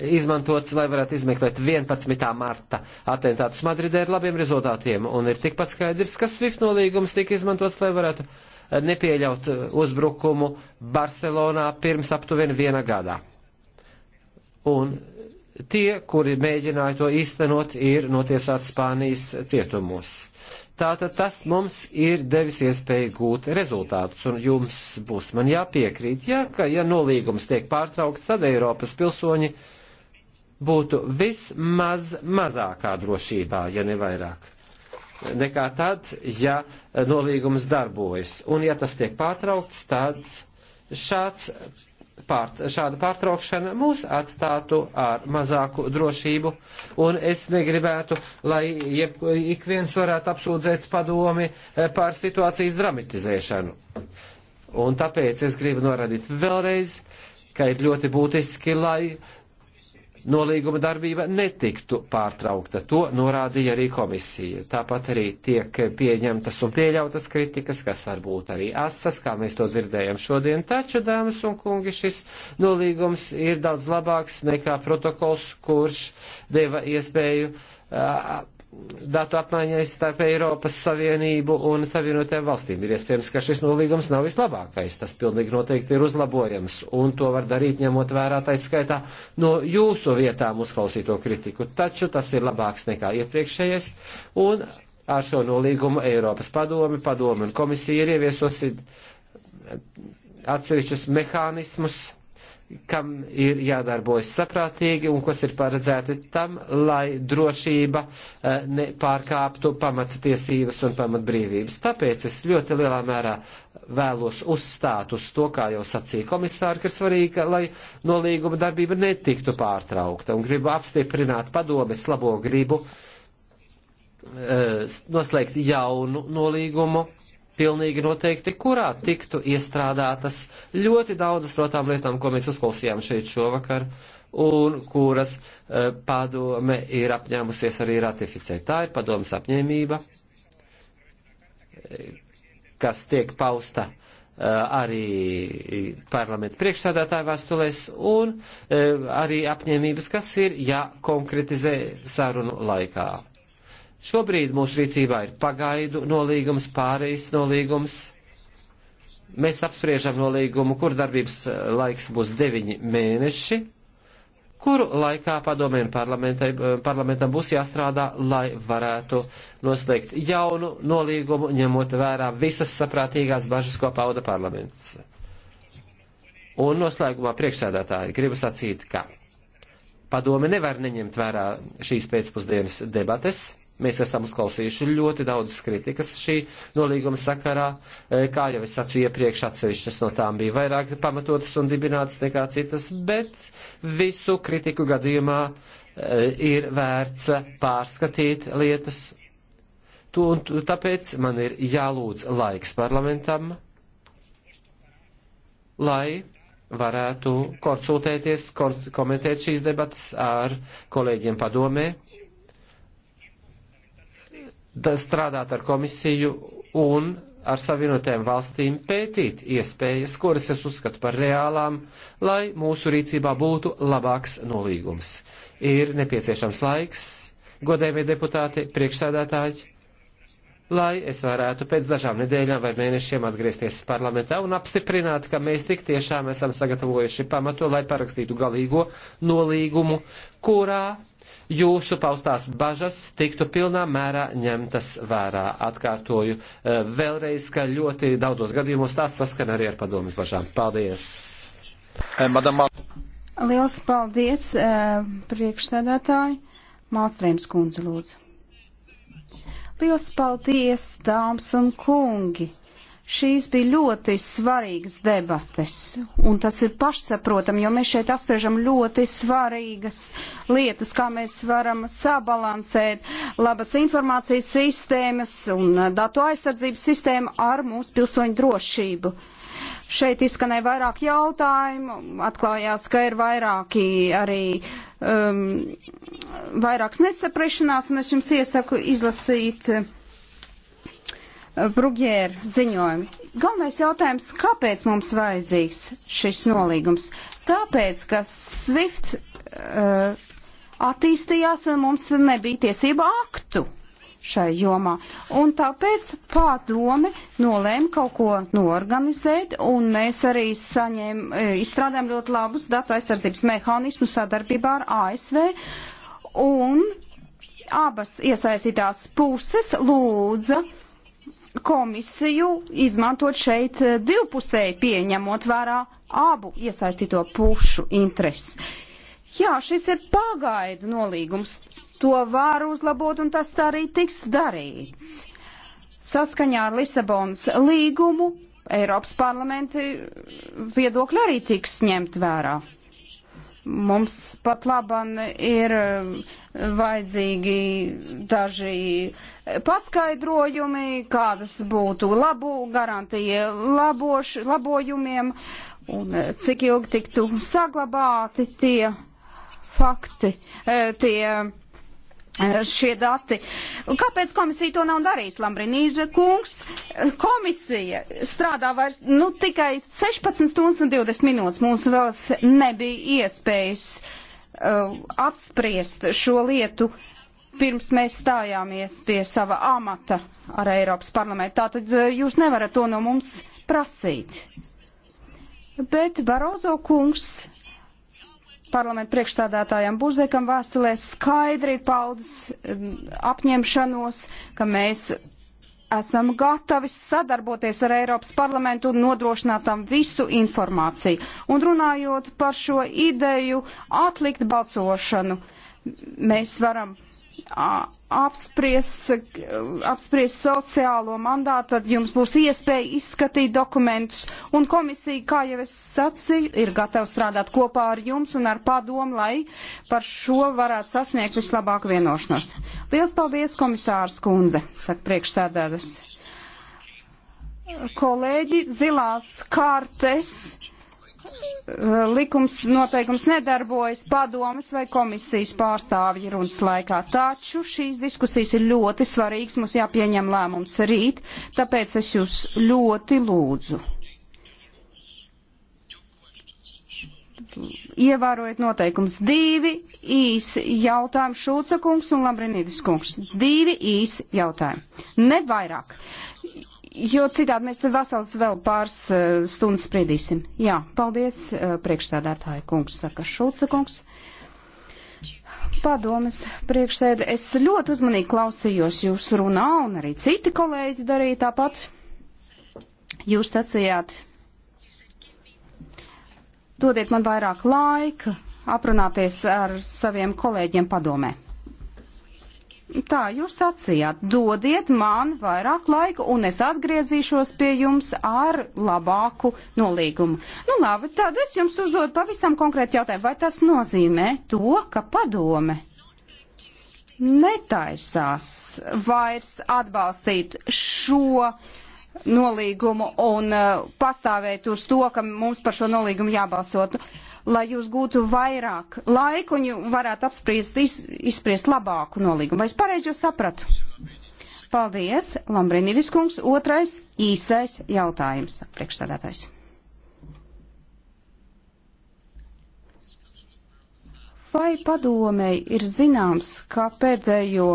A: izmantots, lai varētu izmeklēt 11. marta atentātus Madridē ar labiem rezultātiem. Un ir tikpat skaidrs, ka SWIFT nolīgums tika izmantots, lai varētu eh, nepieļaut eh, uzbrukumu Barcelonā pirms aptuveni viena gadā. Un tie, kuri mēģināja to īstenot, ir notiesāti Spānijas cietumos. Tātad tas mums ir devis iespēju gūt rezultātus, un jums būs man jāpiekrīt, ja, ka, ja nolīgums tiek pārtraukts, tad Eiropas pilsoņi uh, būtu vismaz mazākā drošībā, ja ne vairāk, nekā tad, ja nolīgums darbojas. Un ja tas tiek pārtraukts, tad šāds pārt, šāda pārtraukšana mūs atstātu ar mazāku drošību, un es negribētu, lai jeb, ik viens varētu apsūdzēt padomi eh, par situācijas dramatizēšanu. Un tāpēc es gribu norādīt vēlreiz, ka ir ļoti būtiski, lai nolīguma darbība netiktu pārtraukta. To norādīja arī komisija. Tāpat arī tiek pieņemtas un pieļautas kritikas, kas varbūt arī asas, kā mēs to dzirdējam šodien. Taču, dāmas un kungi, šis nolīgums ir daudz labāks nekā protokols, kurš deva iespēju uh, datu apmaiņai starp Eiropas Savienību un Savienotajām valstīm. Ir iespējams, ka šis nolīgums nav vislabākais. Tas pilnīgi noteikti ir uzlabojams, un to var darīt ņemot vērā taiskaitā no jūsu vietām uzklausīto kritiku. Taču tas ir labāks nekā iepriekšējais, un ar šo nolīgumu Eiropas padomi, padomi un komisija ir ieviesosi atsevišķus mehānismus kam ir jādarbojas saprātīgi un kas ir paredzēti tam, lai drošība eh, nepārkāptu pamatstiesības un pamatbrīvības. Tāpēc es ļoti lielā mērā vēlos uzstāt uz to, kā jau sacīja komisāri, ka ir svarīgi, lai nolīguma darbība netiktu pārtraukta un gribu apstiprināt padomes labo gribu eh, noslēgt jaunu nolīgumu pilnīgi noteikti, kurā tiktu iestrādātas ļoti daudzas no tām lietām, ko mēs uzklausījām šeit šovakar un kuras uh, padome ir apņēmusies arī ratificēt. Tā ir padomas apņēmība, eh, kas tiek pausta uh, arī parlamentu priekšsādātāju vēstulēs un uh, arī apņēmības, kas ir jākonkretizē sarunu laikā. Šobrīd mūsu rīcībā ir pagaidu nolīgums, pārejas nolīgums. Mēs apspriežam nolīgumu, kur darbības eh, laiks būs deviņi mēneši, kuru laikā padomēm eh, parlamentam būs jāstrādā, lai varētu noslēgt jaunu nolīgumu, ņemot vērā visas saprātīgās bažas, ko pauda parlaments. Un noslēgumā priekšsēdētāji gribu sacīt, ka padome nevar neņemt vērā šīs pēcpusdienas debates Mēs esam uzklausījuši ļoti daudzas kritikas šī nolīguma sakarā, e, kā jau es sacīju iepriekš, atsevišķas no tām bija vairāk pamatotas un dibinātas nekā citas, bet visu kritiku gadījumā e, ir vērts pārskatīt lietas. Tu, un, tāpēc man ir jālūdz laiks parlamentam, lai varētu konsultēties, komentēt šīs debatas ar kolēģiem padomē strādāt ar komisiju un ar savienotēm valstīm pētīt iespējas, kuras es uzskatu par reālām, lai mūsu rīcībā būtu labāks nolīgums. Ir nepieciešams laiks, godējumie deputāti, priekšsēdētāji, lai es varētu pēc dažām nedēļām vai mēnešiem atgriezties parlamentā un apstiprināt, ka mēs tik tiešām esam sagatavojuši pamatu, lai parakstītu galīgo nolīgumu, kurā jūsu paustās bažas tiktu pilnā mērā ņemtas vērā. Atkārtoju eh, vēlreiz, ka ļoti daudzos gadījumos tās saskana arī ar padomas bažām. Paldies! Eh,
B: Liels paldies, eh, priekšsēdētāji! Mālstrēms kundze lūdzu. Liels paldies, dāmas un kungi! Šīs bija ļoti svarīgas debates, un tas ir pašsaprotam, jo mēs šeit apspriežam ļoti svarīgas lietas, kā mēs varam sabalansēt labas informācijas sistēmas un datu aizsardzības sistēmu ar mūsu pilsoņu drošību. Šeit izskanēja vairāk jautājumu, atklājās, ka ir vairāki arī um, vairākas nesaprašanās, un es jums iesaku izlasīt. Uh, Brugēra ziņojumi. Galvenais jautājums, kāpēc mums vajadzīgs šis nolīgums? Tāpēc, ka SWIFT uh, attīstījās un mums nebija tiesība aktu šai jomā. Un tāpēc pārdome nolēma kaut ko norganizēt, un mēs arī saņēm, uh, izstrādājam ļoti labus datu aizsardzības mehānismus sadarbībā ar ASV. Un abas iesaistītās puses lūdza uh, komisiju izmantot šeit eh, divpusēji pieņemot vērā abu iesaistīto pušu intereses. Jā, šis ir pagaidu nolīgums. To var uzlabot un tas arī tiks darīts. Saskaņā ar Lisabonas līgumu Eiropas parlamenti viedokļi arī tiks ņemt vērā. Mums pat laban ir eh, vajadzīgi daži paskaidrojumi, kādas būtu labu garantija laboš, labojumiem un eh, cik ilgi tiktu saglabāti tie fakti, eh, tie Eh, šie dati. Un kāpēc komisija to nav darījusi, Lambrinīža kungs? Eh, komisija strādā vairs, nu, tikai 16 stundas un 20 minūtes. Mums vēl nebija iespējas uh, apspriest šo lietu pirms mēs stājāmies pie sava amata ar Eiropas parlamentu. Tātad uh, jūs nevarat to no mums prasīt. Bet Barozo kungs parlamentu priekšstādātājam Buzekam vēstulē skaidri ir paudas um, apņemšanos, ka mēs esam gatavi sadarboties ar Eiropas parlamentu un nodrošināt tam visu informāciju. Un runājot par šo ideju atlikt balsošanu, uh, Mēs varam apspriest apspries sociālo mandātu, tad jums būs iespēja izskatīt dokumentus. Un komisija, kā jau es sacīju, ir gatava strādāt kopā ar jums un ar padomu, lai par šo varētu sasniegt vislabāku vienošanos. Lielas paldies, komisārs Kunze, saka priekšstādādas. Kolēģi, zilās kārtes Eh, likums noteikums nedarbojas padomas vai komisijas pārstāvji runas laikā. Taču šīs diskusijas ir ļoti svarīgas, mums jāpieņem lēmums rīt, tāpēc es jūs ļoti lūdzu. Ievērojiet noteikums. Divi īsi jautājumi Šulca kungs un Lambrinīdis kungs. Divi īsi jautājumi. Ne vairāk jo citādi mēs te vesels vēl pāris uh, stundas spriedīsim. Jā, paldies, uh, priekšsēdētāja kungs, saka Šulca kungs. Padomas priekšsēdē, es ļoti uzmanīgi klausījos jūsu runā, un arī citi kolēģi darīja tāpat. Jūs sacījāt, dodiet man vairāk laika aprunāties ar saviem kolēģiem padomē. Tā jūs sacījāt, dodiet man vairāk laika, un es atgriezīšos pie jums ar labāku nolīgumu. Nu labi, tad es jums uzdodu pavisam konkrēti jautājumu, vai tas nozīmē to, ka padome netaisās vairs atbalstīt šo nolīgumu un uh, pastāvēt uz to, ka mums par šo nolīgumu jābalsot. Uh, lai jūs gūtu vairāk laiku un varētu apspriest, iz, izspriest labāku nolīgumu. Vai es pareizi jūs sapratu? Paldies, Lambrinīdis kungs. Otrais īsais jautājums, priekšsēdētājs. Vai padomēji ir zināms, ka pēdējo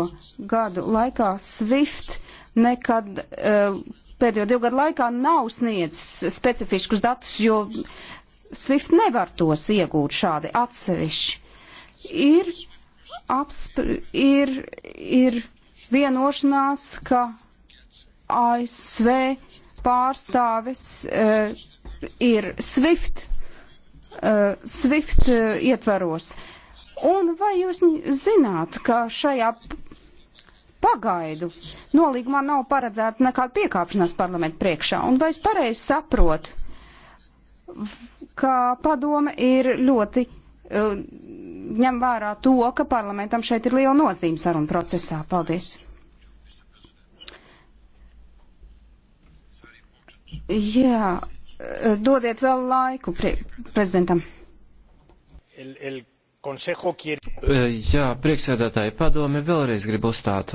B: gadu laikā SWIFT nekad uh, pēdējo divu gadu laikā nav sniedzis specifiskus datus, jo SWIFT nevar tos iegūt šādi atsevišķi. Ir, apspr, ir, ir vienošanās, ka ASV pārstāvis uh, ir SWIFT, uh, SWIFT uh, ietvaros. Un vai jūs zināt, ka šajā pagaidu nolīgumā nav paredzēta nekāda piekāpšanās parlamentu priekšā? Un vai es pareizi saprotu? ka padome ir ļoti eh, ņem vērā to, ka parlamentam šeit ir liela nozīme saruna procesā. Paldies! Jā, eh, dodiet vēl laiku pre prezidentam.
C: El, el kier...
A: Eh, jā, priekšsēdētāji padome vēlreiz grib uzstāt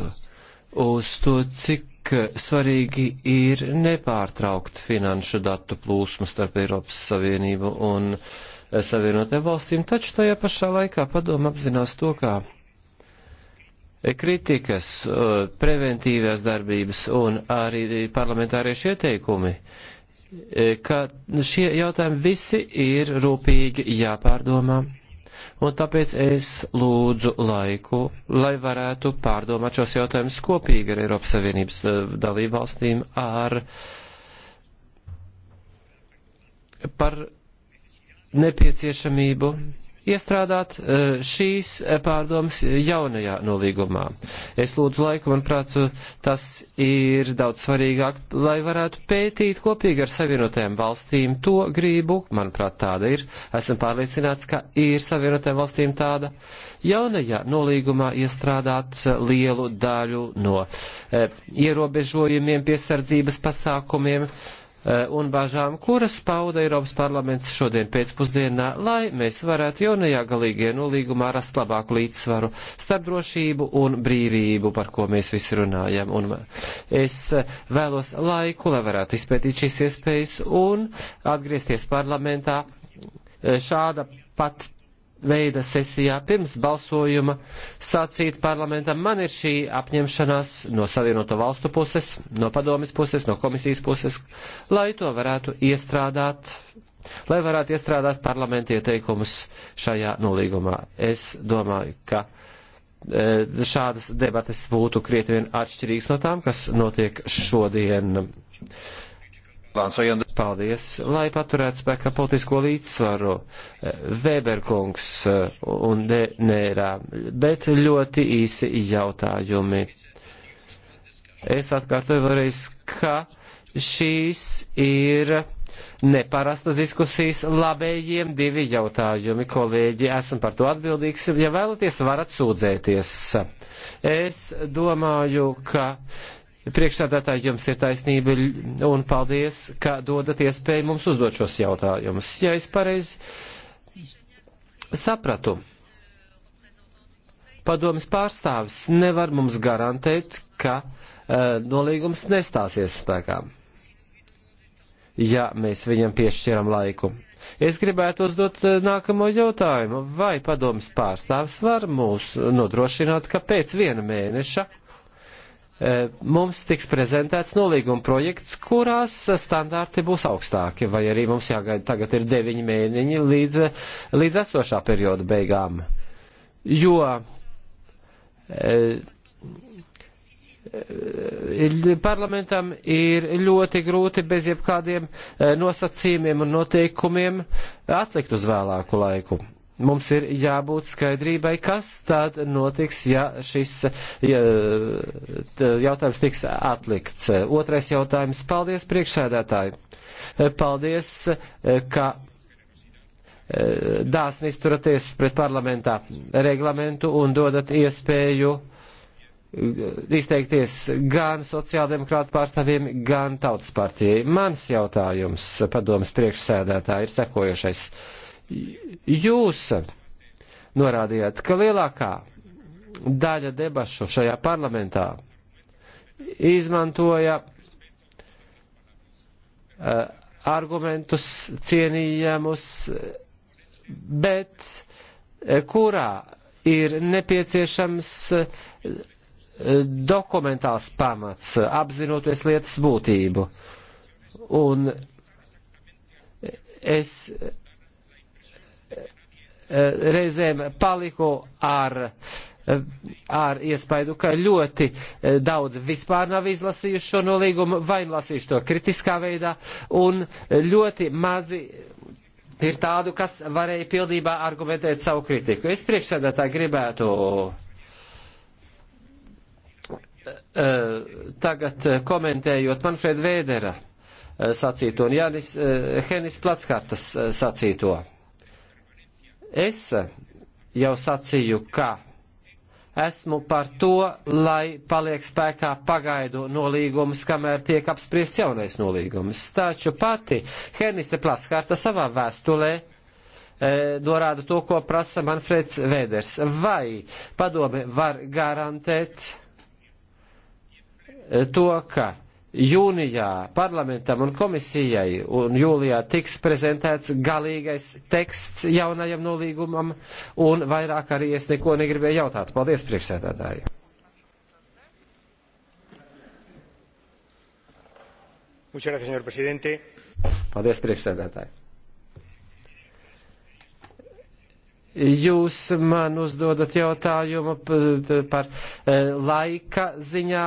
A: uz to, cik cik svarīgi ir nepārtraukt finanšu datu plūsmu starp Eiropas Savienību un eh, Savienotajām valstīm, taču tajā pašā laikā padomu apzinās to, kā eh, kritikas, eh, preventīvās darbības un arī parlamentārieši ieteikumi, ka šie jautājumi visi ir rūpīgi jāpārdomā un tāpēc es lūdzu laiku, lai varētu pārdomāt šos jautājumus kopīgi ar Eiropas Savienības eh, dalībvalstīm ar par nepieciešamību iestrādāt eh, šīs eh, pārdomas jaunajā nolīgumā. Es lūdzu laiku, manuprāt, tas ir daudz svarīgāk, lai varētu pētīt kopīgi ar savienotajām valstīm to grību, manuprāt, tāda ir. Esmu pārliecināts, ka ir savienotajām valstīm tāda jaunajā nolīgumā iestrādāt eh, lielu daļu no ierobežojumiem, piesardzības pasākumiem, Eh, un bažām, kuras pauda Eiropas parlaments šodien pēcpusdienā, lai mēs varētu jaunajā galīgajā nolīgumā rast labāku līdzsvaru starp drošību un brīvību, par ko mēs visi runājam. Un es eh, vēlos laiku, lai varētu izpētīt šīs iespējas un atgriezties parlamentā eh, šāda pat veida sesijā pirms balsojuma sacīt parlamentam, man ir šī apņemšanās no Savienoto valstu puses, no padomis puses, no komisijas puses, lai to varētu iestrādāt, lai varētu iestrādāt parlamenta ieteikumus šajā nolīgumā. Es domāju, ka e, šādas debates būtu krietni vien atšķirīgas no tām, kas notiek šodien. Paldies, lai paturētu spēkā politisko līdzsvaru. Vēberkungs eh, eh, un Nērā, bet ļoti īsi jautājumi. Es atkārtoju vēlreiz, ka šīs ir neparastas diskusijas labējiem divi jautājumi, kolēģi. Esmu par to atbildīgs. Ja vēlaties, varat sūdzēties. Es domāju, ka Priekšsādātāji, jums ir taisnība un paldies, ka dodat iespēju mums uzdot šos jautājumus. Ja es pareizi sapratu, padomas pārstāvis nevar mums garantēt, ka uh, nolīgums nestāsies spēkā, ja mēs viņam piešķiram laiku. Es gribētu uzdot e, nākamo jautājumu. Vai padomas pārstāvis var mūs nodrošināt, ka pēc viena mēneša Eh, mums tiks prezentēts nolīguma projekts, kurās standarti būs augstāki, vai arī mums jāgaida tagad ir deviņi mēneņi līdz, līdz esošā perioda beigām. Jo eh, eh, parlamentam ir ļoti grūti bez jebkādiem nosacījumiem un noteikumiem atlikt uz vēlāku laiku. Mums ir jābūt skaidrībai, kas tad notiks, ja šis ja, jautājums tiks atlikts. Otrais jautājums. Paldies, priekšsēdētāji. Paldies, ka e, dāsni izturaties pret parlamentā reglamentu un dodat iespēju e, izteikties gan sociāldemokrātu pārstāvjiem, gan tautas partijai. Mans jautājums padomas priekšsēdētāji ir sekojošais. Jūs norādījāt, ka lielākā daļa debašu šajā parlamentā izmantoja uh, argumentus cienījamus, bet eh, kurā ir nepieciešams eh, dokumentāls pamats, apzinoties lietas būtību. Un es Eh, reizēm paliku ar, eh, ar iespaidu, ka ļoti eh, daudz vispār nav izlasījuši šo nolīgumu, vai lasījuši to kritiskā veidā, un ļoti mazi ir tādu, kas varēja pildībā argumentēt savu kritiku. Es priekšsēdētā gribētu tagad komentējot Manfred Vēdera sacīto un Jānis Henis Platskārtas sacīto. Es jau sacīju, ka esmu par to, lai paliek spēkā pagaidu nolīgums, kamēr tiek apspriests jaunais nolīgums. Taču pati Herniste Plaskārta savā vēstulē e, norāda to, ko prasa Manfreds Vēders. Vai padome var garantēt e, to, ka jūnijā parlamentam un komisijai un jūlijā tiks prezentēts galīgais teksts jaunajam nolīgumam un vairāk arī es neko negribēju jautāt. Paldies, priekšsēdētāji! Paldies, priekšsēdētāji! Jūs man uzdodat jautājumu par e, laika ziņā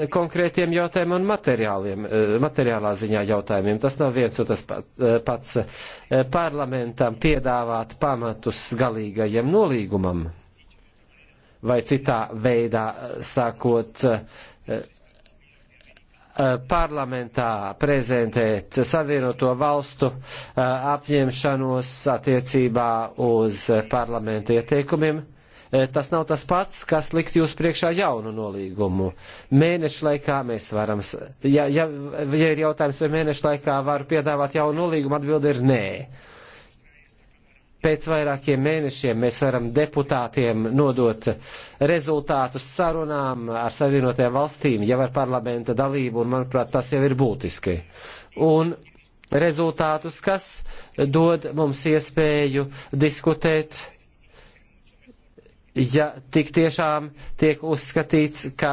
A: e, konkrētiem jautājumiem un materiāliem, e, materiālā ziņā jautājumiem. Tas nav viens un tas pats parlamentam piedāvāt pamatus galīgajam nolīgumam vai citā veidā sākot Eh, parlamentā prezentēt Savienoto valstu eh, apņemšanos attiecībā uz parlamenta ieteikumiem. Eh, tas nav tas pats, kas likt jūs priekšā jaunu nolīgumu. Mēnešu laikā mēs varam, ja, ja, ja ir jautājums, vai mēnešu laikā varu piedāvāt jaunu nolīgumu, atbildi ir nē. Uh, pēc vairākiem mēnešiem mēs varam deputātiem nodot rezultātus sarunām ar savienotajām valstīm, jau ar parlamenta dalību, un manuprāt, tas jau ir būtiski. Un rezultātus, kas dod mums iespēju diskutēt, ja tik tiešām tiek uzskatīts, ka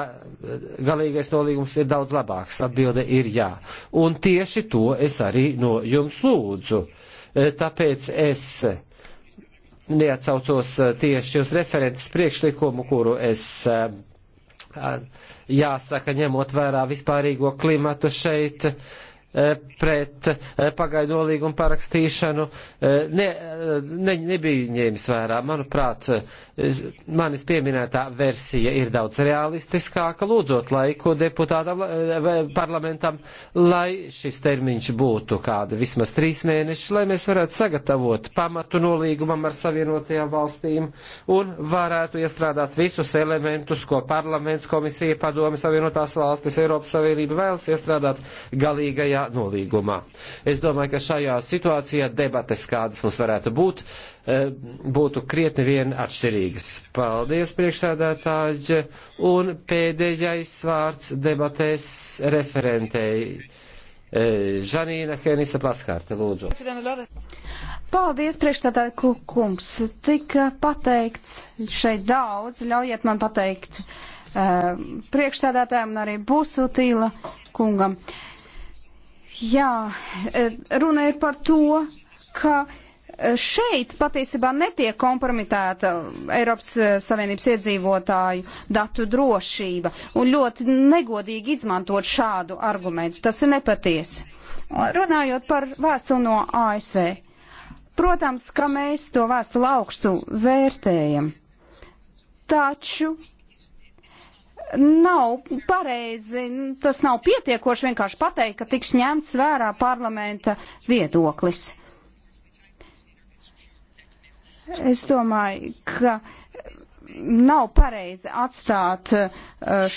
A: galīgais nolīgums ir daudz labāks. Atbilde ir jā. Un tieši to es arī no jums lūdzu. Tāpēc es neatsaucos eh, tieši uz referentes priekšlikumu, kuru es eh, jāsaka, ņemot vērā vispārīgo klimatu šeit, Eh, pret eh, pagaidu nolīgumu parakstīšanu eh, ne, ne, nebija ņēmis vērā. Manuprāt, manis pieminētā versija ir daudz realistiskāka, lūdzot laiku deputātam parlamentam, lai šis termiņš būtu kāda vismaz trīs mēneši, lai mēs varētu sagatavot pamatu nolīgumam ar savienotajām valstīm un varētu iestrādāt visus elementus, ko parlaments, komisija, padome, savienotās valstis, Eiropas Savienība vēlas iestrādāt galīgajā šajā nolīgumā. Es domāju, ka šajā situācijā debates, kādas mums varētu būt, e, būtu krietni vien atšķirīgas. Paldies, priekšsēdētāji, un pēdējais vārds debatēs referentēji. E, Žanīna Henisa Plaskārta, lūdzu.
B: Paldies, priekšstādāja kungs. Tika pateikts šeit daudz, ļaujiet man pateikt e, priekšstādātājiem un arī Būsutīla kungam. Uh, Jā, e, runa ir par to, ka e, šeit patiesībā netiek kompromitēta Eiropas e, Savienības iedzīvotāju datu drošība un ļoti negodīgi izmantot šādu argumentu. Tas ir nepatiesi. Runājot par vēstuli no ASV, protams, ka mēs to vēstuli augstu vērtējam. Taču nav pareizi, tas nav pietiekoši vienkārši pateikt, ka tiks ņemts vērā parlamenta viedoklis. Es domāju, ka nav pareizi atstāt eh,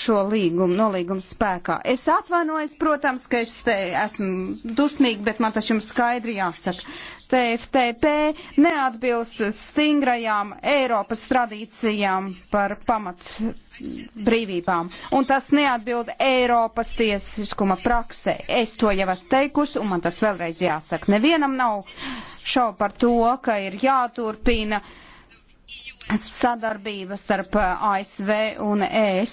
B: šo līgumu, nolīgumu spēkā. Es atvainojos, protams, ka es te esmu dusmīgi, bet man taču jums skaidri jāsaka. TFTP neatbilst stingrajām Eiropas tradīcijām par pamat brīvībām, un tas neatbild Eiropas tiesiskuma praksē. Es to jau esmu teikusi, un man tas vēlreiz jāsaka. Nevienam nav šau par to, ka ir jāturpina uh, sadarbība starp uh, ASV un ES,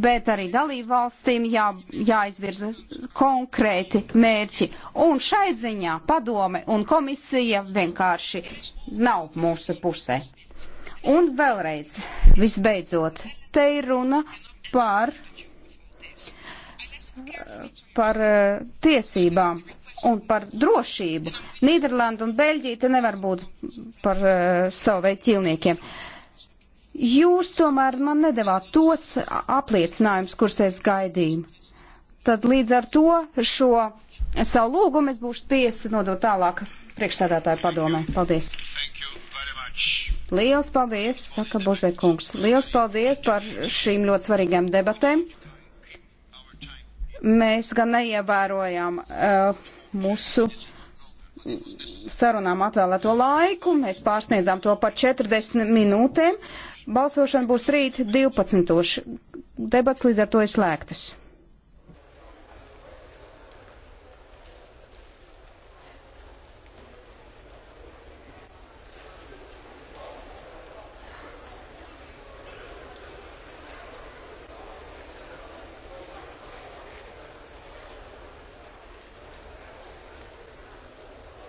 B: bet arī dalību valstīm jā, jāizvirza konkrēti mērķi. Un šai ziņā padome un komisija vienkārši nav mūsu pusē. Un vēlreiz, visbeidzot, te ir runa par, uh, par uh, tiesībām un par drošību. Nīderlanda un Beļģija te nevar būt par uh, savu veidu ķīlniekiem. Jūs tomēr man nedavāt tos apliecinājumus, kurus es gaidīju. Tad līdz ar to šo savu lūgumu es būšu spiesti nodot tālāk priekšsēdētāju padomē. Paldies! Liels paldies, saka Bozē kungs. Liels paldies par šīm ļoti svarīgām debatēm mēs gan neievērojam uh, eh, mūsu sarunām atvēlēto laiku. Mēs pārsniedzām to par 40 minūtēm. Balsošana būs rīt 12. Debats līdz ar to ir slēgtas.